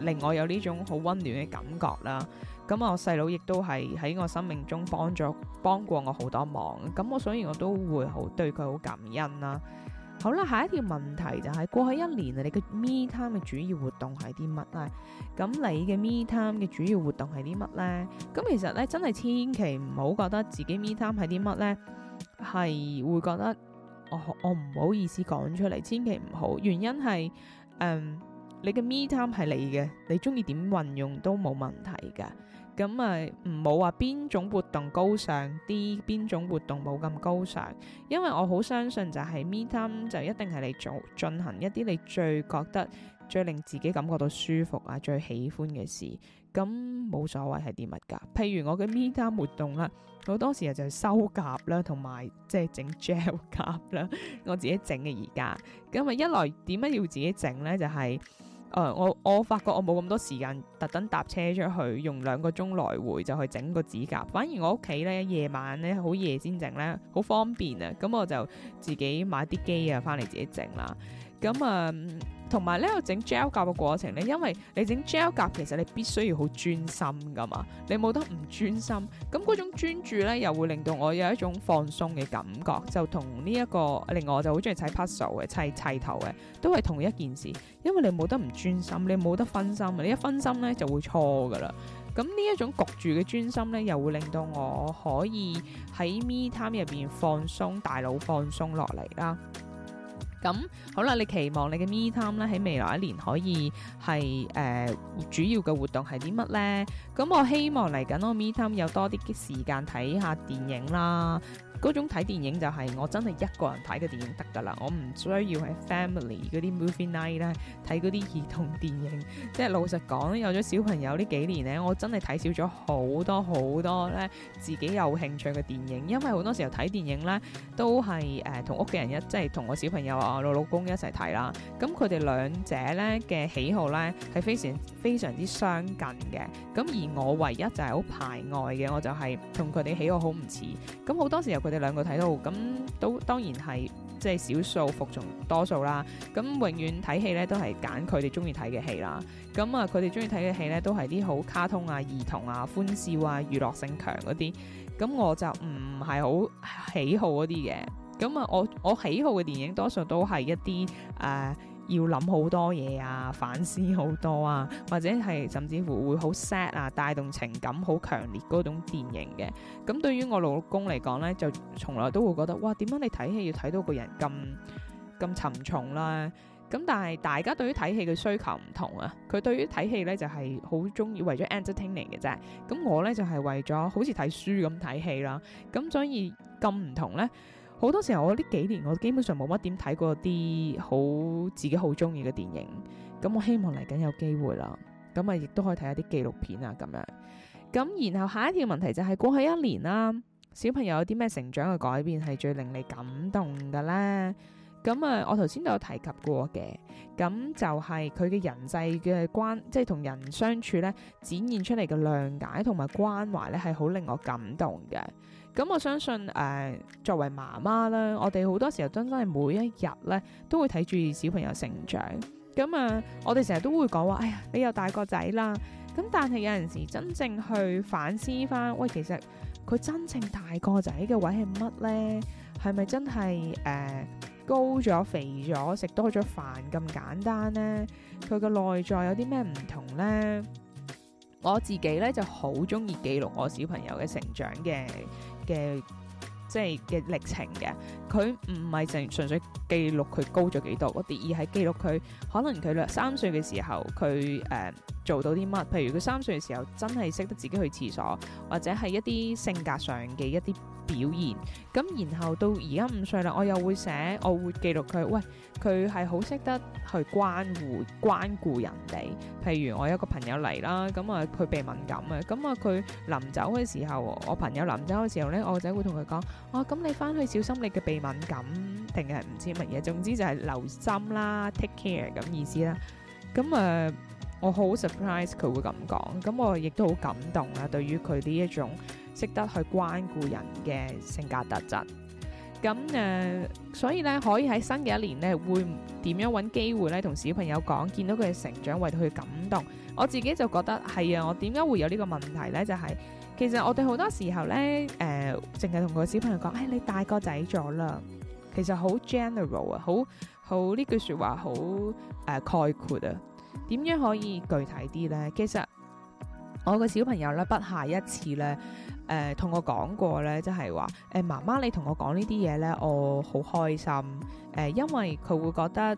令我有呢種好溫暖嘅感覺啦。咁我細佬亦都係喺我生命中幫咗、幫過我好多忙，咁我所以我都會好對佢好感恩啦。好啦，下一條問題就係、是、過去一年你嘅 me time 嘅主要活動係啲乜咧？咁你嘅 me time 嘅主要活動係啲乜呢？咁其實咧真係千祈唔好覺得自己 me time 係啲乜呢？係會覺得我我唔好意思講出嚟，千祈唔好。原因係，誒、呃，你嘅 me time 係你嘅，你中意點運用都冇問題噶。咁啊，唔好話邊種活動高尚啲，邊種活動冇咁高尚，因為我好相信就係 me time 就一定係你做進行一啲你最覺得最令自己感覺到舒服啊，最喜歡嘅事，咁冇所謂係啲乜㗎。譬如我嘅 me time 活動啦，好多時候就收夾啦，同埋即係整 gel 夾啦， <laughs> 我自己整嘅而家。咁啊，一來點解要自己整呢？就係、是誒，uh, 我我發覺我冇咁多時間，特登搭車出去用兩個鐘來回就去整個指甲，反而我屋企咧夜晚咧好夜先整咧，好方便啊！咁我就自己買啲機啊，翻嚟自己整啦，咁啊。Uh, 同埋呢個整 gel 夾嘅過程咧，因為你整 gel 夾其實你必須要好專心噶嘛，你冇得唔專心。咁嗰種專注咧，又會令到我有一種放鬆嘅感覺，就同呢一個，另外我就好中意砌 puzzle 嘅，砌砌頭嘅，都係同一件事。因為你冇得唔專心，你冇得分心，你一分心咧就會錯噶啦。咁呢一種焗住嘅專心咧，又會令到我可以喺 me time 入邊放鬆大腦，放鬆落嚟啦。咁好啦，你期望你嘅 me time 咧，喺未來一年可以係誒、呃、主要嘅活動係啲乜咧？咁我希望嚟緊我 me time 有多啲時間睇下電影啦。嗰種睇電影就係我真係一個人睇嘅電影得㗎啦，我唔需要喺 family 嗰啲 movie night 咧睇嗰啲兒童電影。即係老實講，有咗小朋友呢幾年咧，我真係睇少咗好多好多咧自己有興趣嘅電影，因為好多時候睇電影咧都係誒同屋企人一即係同我小朋友啊、我老，老公一齊睇啦。咁佢哋兩者咧嘅喜好咧係非常非常之相近嘅。咁而我唯一就係好排外嘅，我就係同佢哋喜好好唔似。咁好多時候。佢哋兩個睇到，咁都當然係即係少數服從多數啦。咁永遠睇戲咧都係揀佢哋鍾意睇嘅戲啦。咁啊，佢哋鍾意睇嘅戲咧都係啲好卡通啊、兒童啊、歡笑啊、娛樂性強嗰啲。咁我就唔係好喜好嗰啲嘅。咁啊，我我喜好嘅電影多數都係一啲誒。呃要諗好多嘢啊，反思好多啊，或者係甚至乎會好 sad 啊，帶動情感好強烈嗰種電影嘅。咁對於我老公嚟講呢，就從來都會覺得，哇，點解你睇戲要睇到個人咁咁沉重啦？咁但係大家對於睇戲嘅需求唔同啊。佢對於睇戲呢就係好中意為咗 entertaining 嘅啫。咁我呢就係為咗好似睇書咁睇戲啦。咁所以咁唔同呢。好多時候，我呢幾年我基本上冇乜點睇過啲好自己好中意嘅電影，咁我希望嚟緊有機會啦，咁啊亦都可以睇下啲紀錄片啊咁樣。咁然後下一條問題就係過去一年啦，小朋友有啲咩成長嘅改變係最令你感動嘅呢？咁啊，我頭先都有提及過嘅，咁就係佢嘅人際嘅關，即係同人相處咧，展現出嚟嘅諒解同埋關懷咧，係好令我感動嘅。咁我相信誒、呃，作為媽媽咧，我哋好多時候真真係每一日咧都會睇住小朋友成長。咁啊、呃，我哋成日都會講話，哎呀，你又大個仔啦。咁但係有陣時真正去反思翻，喂，其實佢真正大個仔嘅位係乜呢？係咪真係誒、呃、高咗、肥咗、食多咗飯咁簡單呢？佢嘅內在有啲咩唔同呢？我自己咧就好中意記錄我小朋友嘅成長嘅。嘅即係嘅歷程嘅，佢唔係淨純粹記錄佢高咗幾多，而係記錄佢可能佢兩三歲嘅時候佢誒做到啲乜？譬如佢三歲嘅時候真係識得自己去廁所，或者係一啲性格上嘅一啲表現。咁然後到而家五歲啦，我又會寫，我會記錄佢。喂，佢係好識得去關護、關顧人哋。譬如我有一個朋友嚟啦，咁啊佢鼻敏感啊，咁啊佢臨走嘅時候，我朋友臨走嘅時候咧，我仔會同佢講：哦，咁你翻去小心你嘅鼻敏感定係唔知乜嘢？總之就係留心啦，take care 咁意思啦。咁啊。我好 surprise 佢會咁講，咁我亦都好感動啦、啊。對於佢呢一種識得去關顧人嘅性格特質，咁誒、呃，所以咧可以喺新嘅一年咧，會點樣揾機會咧，同小朋友講，見到佢嘅成長，為到佢感動。我自己就覺得係啊，我點解會有呢個問題咧？就係、是、其實我哋好多時候咧，誒、呃，淨係同個小朋友講，誒、哎，你大個仔咗啦，其實好 general 啊，好好呢句說話好誒、呃、概括啊。點樣可以具體啲咧？其實我個小朋友咧，不下一次咧，誒、呃、同我講過咧，即係話誒媽媽你同我講呢啲嘢咧，我好開心誒、呃，因為佢會覺得。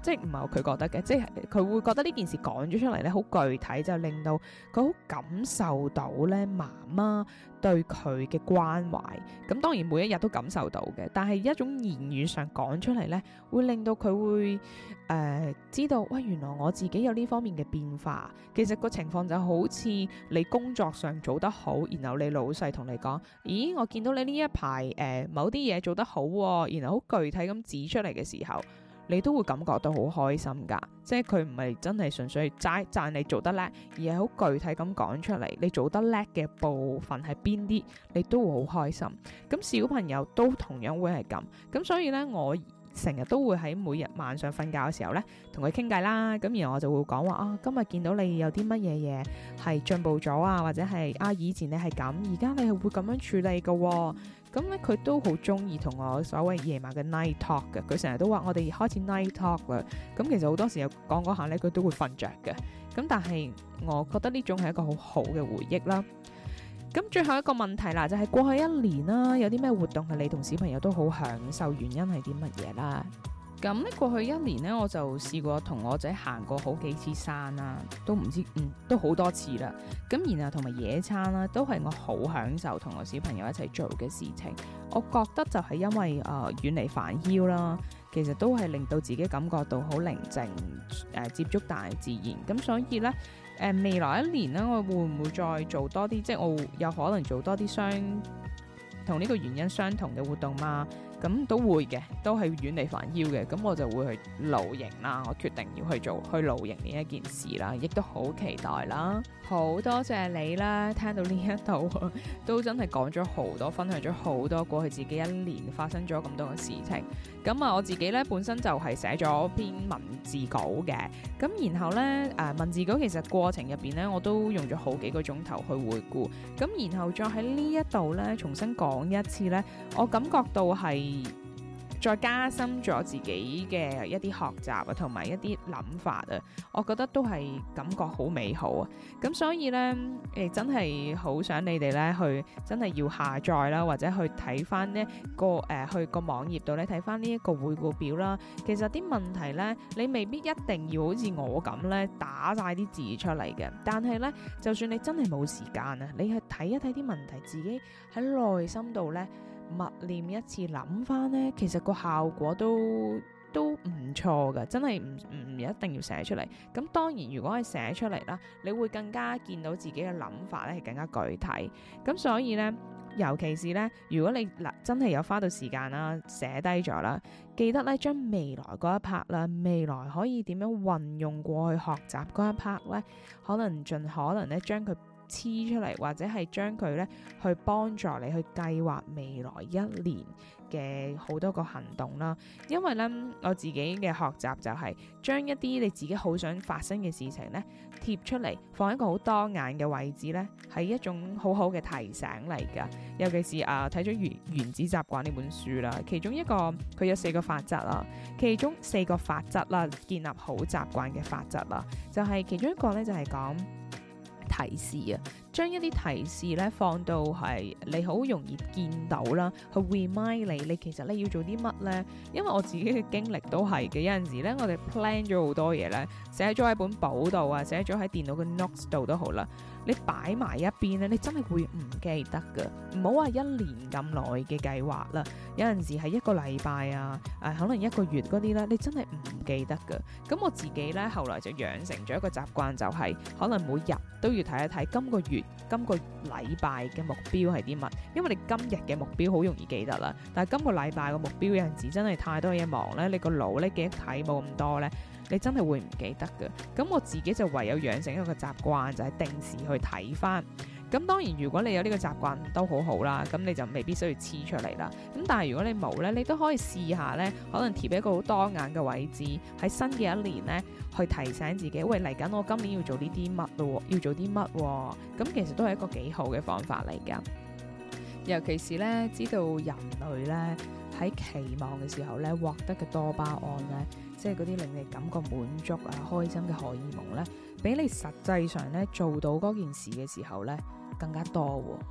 即係唔係佢覺得嘅，即係佢會覺得呢件事講咗出嚟咧，好具體，就令到佢好感受到咧，媽媽對佢嘅關懷。咁當然每一日都感受到嘅，但係一種言語上講出嚟咧，會令到佢會誒、呃、知道，喂，原來我自己有呢方面嘅變化。其實個情況就好似你工作上做得好，然後你老細同你講，咦，我見到你呢一排誒、呃、某啲嘢做得好，啊，然後好具體咁指出嚟嘅時候，你都會感覺到好開心㗎，即係佢唔係真係純粹齋讚你做得叻，而係好具體咁講出嚟，你做得叻嘅部分係邊啲，你都會好開心。咁小朋友都同樣會係咁，咁所以呢我。成日都會喺每日晚上瞓覺嘅時候咧，同佢傾偈啦。咁然後我就會講話啊，今日見到你有啲乜嘢嘢係進步咗啊，或者係啊以前你係咁，而家你係會咁樣處理㗎。咁咧佢都好中意同我所謂夜晚嘅 night talk 嘅。佢成日都話我哋開始 night talk 啦。咁其實好多時候講嗰下咧，佢都會瞓著嘅。咁但係我覺得呢種係一個好好嘅回憶啦。咁最後一個問題啦，就係過去一年啦，有啲咩活動係你同小朋友都好享受，原因係啲乜嘢啦？咁呢過去一年呢，我就試過同我仔行過好幾次山啦，都唔知，嗯都好多次啦。咁然後同埋野餐啦，都係我好享受同我小朋友一齊做嘅事情。我覺得就係因為誒、呃、遠離煩囂啦，其實都係令到自己感覺到好寧靜誒、呃，接觸大自然。咁所以呢。未來一年我會唔會再做多啲？即我有可能做多啲相同呢個原因相同嘅活動嗎？咁都會嘅，都係遠離煩囂嘅。咁我就會去露營啦。我決定要去做去露營呢一件事啦，亦都好期待啦。好多謝你啦，聽到呢一度都真係講咗好多，分享咗好多過去自己一年發生咗咁多嘅事情。咁啊，我自己呢，本身就係寫咗篇文字稿嘅。咁然後呢，誒、呃、文字稿其實過程入邊呢，我都用咗好幾個鐘頭去回顧。咁然後再喺呢一度呢，重新講一次呢，我感覺到係，再加深咗自己嘅一啲學習啊，同埋一啲諗法啊，我覺得都係感覺好美好啊。咁所以呢，誒真係好想你哋呢去真係要下載啦，或者去睇翻呢個誒去個網頁度呢睇翻呢一個回顧表啦。其實啲問題呢，你未必一定要好似我咁呢打晒啲字出嚟嘅。但係呢，就算你真係冇時間啊，你去睇一睇啲問題，自己喺內心度呢。默念一次，諗翻呢，其實個效果都都唔錯嘅，真係唔唔一定要寫出嚟。咁當然，如果係寫出嚟啦，你會更加見到自己嘅諗法咧係更加具體。咁所以呢，尤其是呢，如果你嗱真係有花到時間啦，寫低咗啦，記得呢將未來嗰一 part 啦，未來可以點樣運用過去學習嗰一 part 咧，可能盡可能呢將佢。黐出嚟，或者係將佢咧去幫助你去計劃未來一年嘅好多個行動啦。因為咧我自己嘅學習就係、是、將一啲你自己好想發生嘅事情咧貼出嚟，放喺一個好當眼嘅位置咧，係一種好好嘅提醒嚟㗎。尤其是啊睇咗《原原子習慣》呢本書啦，其中一個佢有四個法則啦，其中四個法則啦，建立好習慣嘅法則啦，就係、是、其中一個咧，就係、是、講。提示啊，將一啲提示咧放到係你好容易見到啦，去 remind 你，你其實咧要做啲乜咧？因為我自己嘅經歷都係嘅，有陣時咧我哋 plan 咗好多嘢咧，寫咗喺本簿度啊，寫咗喺電腦嘅 notes 度都好啦。你擺埋一邊咧，你真係會唔記得噶。唔好話一年咁耐嘅計劃啦，有陣時係一個禮拜啊，誒，可能一個月嗰啲咧，你真係唔記得噶。咁我自己咧，後來就養成咗一個習慣，就是，就係可能每日都要睇一睇今個月、今個禮拜嘅目標係啲乜，因為你今日嘅目標好容易記得啦。但係今個禮拜嘅目標有陣時真係太多嘢忙咧，你個腦咧記憶體冇咁多咧。你真係會唔記得嘅，咁我自己就唯有養成一個習慣，就係定時去睇返。咁當然如果你有呢個習慣都好好啦，咁你就未必需要黐出嚟啦。咁但係如果你冇呢，你都可以試下呢，可能貼喺一個好當眼嘅位置，喺新嘅一年呢，去提醒自己，喂嚟緊我今年要做呢啲乜咯，要做啲乜喎？咁其實都係一個幾好嘅方法嚟㗎，尤其是呢，知道人類呢，喺期望嘅時候呢，獲得嘅多巴胺呢。即係嗰啲令你感覺滿足啊開心嘅荷爾蒙咧，比你實際上咧做到嗰件事嘅時候咧，更加多喎、啊。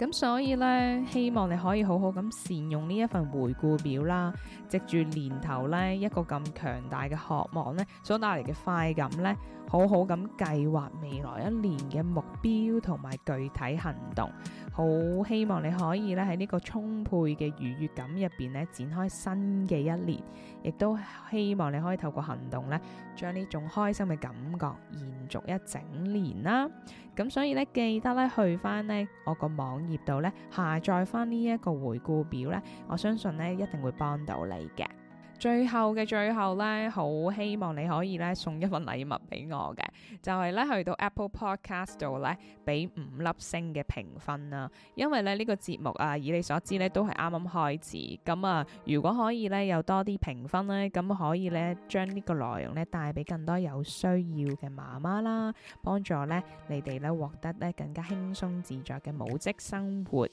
咁所以咧，希望你可以好好咁善用呢一份回顧表啦，藉住年頭咧一個咁強大嘅渴望咧，所帶嚟嘅快感咧。好好咁計劃未來一年嘅目標同埋具體行動，好希望你可以咧喺呢個充沛嘅愉悅感入邊咧展開新嘅一年，亦都希望你可以透過行動咧將呢種開心嘅感覺延續一整年啦。咁所以咧，記得咧去翻咧我個網頁度咧下載翻呢一個回顧表咧，我相信咧一定會幫到你嘅。最後嘅最後咧，好希望你可以咧送一份禮物俾我嘅，就係咧去到 Apple Podcast 度咧俾五粒星嘅評分啦，因為咧呢個節目啊以你所知咧都係啱啱開始，咁啊如果可以咧有多啲評分咧，咁可以咧將呢個內容咧帶俾更多有需要嘅媽媽啦，幫助咧你哋咧獲得咧更加輕鬆自在嘅母職生活。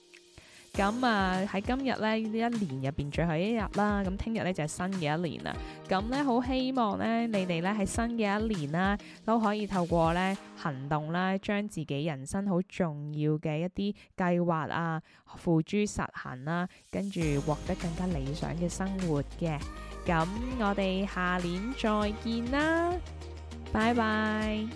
咁啊，喺今日咧一年入面最後一日啦，咁聽日咧就係新嘅一年啦。咁咧好希望咧你哋咧喺新嘅一年啦，啊，都可以透過咧行動啦，將自己人生好重要嘅一啲計劃啊，付諸實行啦，啊，跟住獲得更加理想嘅生活嘅。咁我哋下年再見啦，拜拜。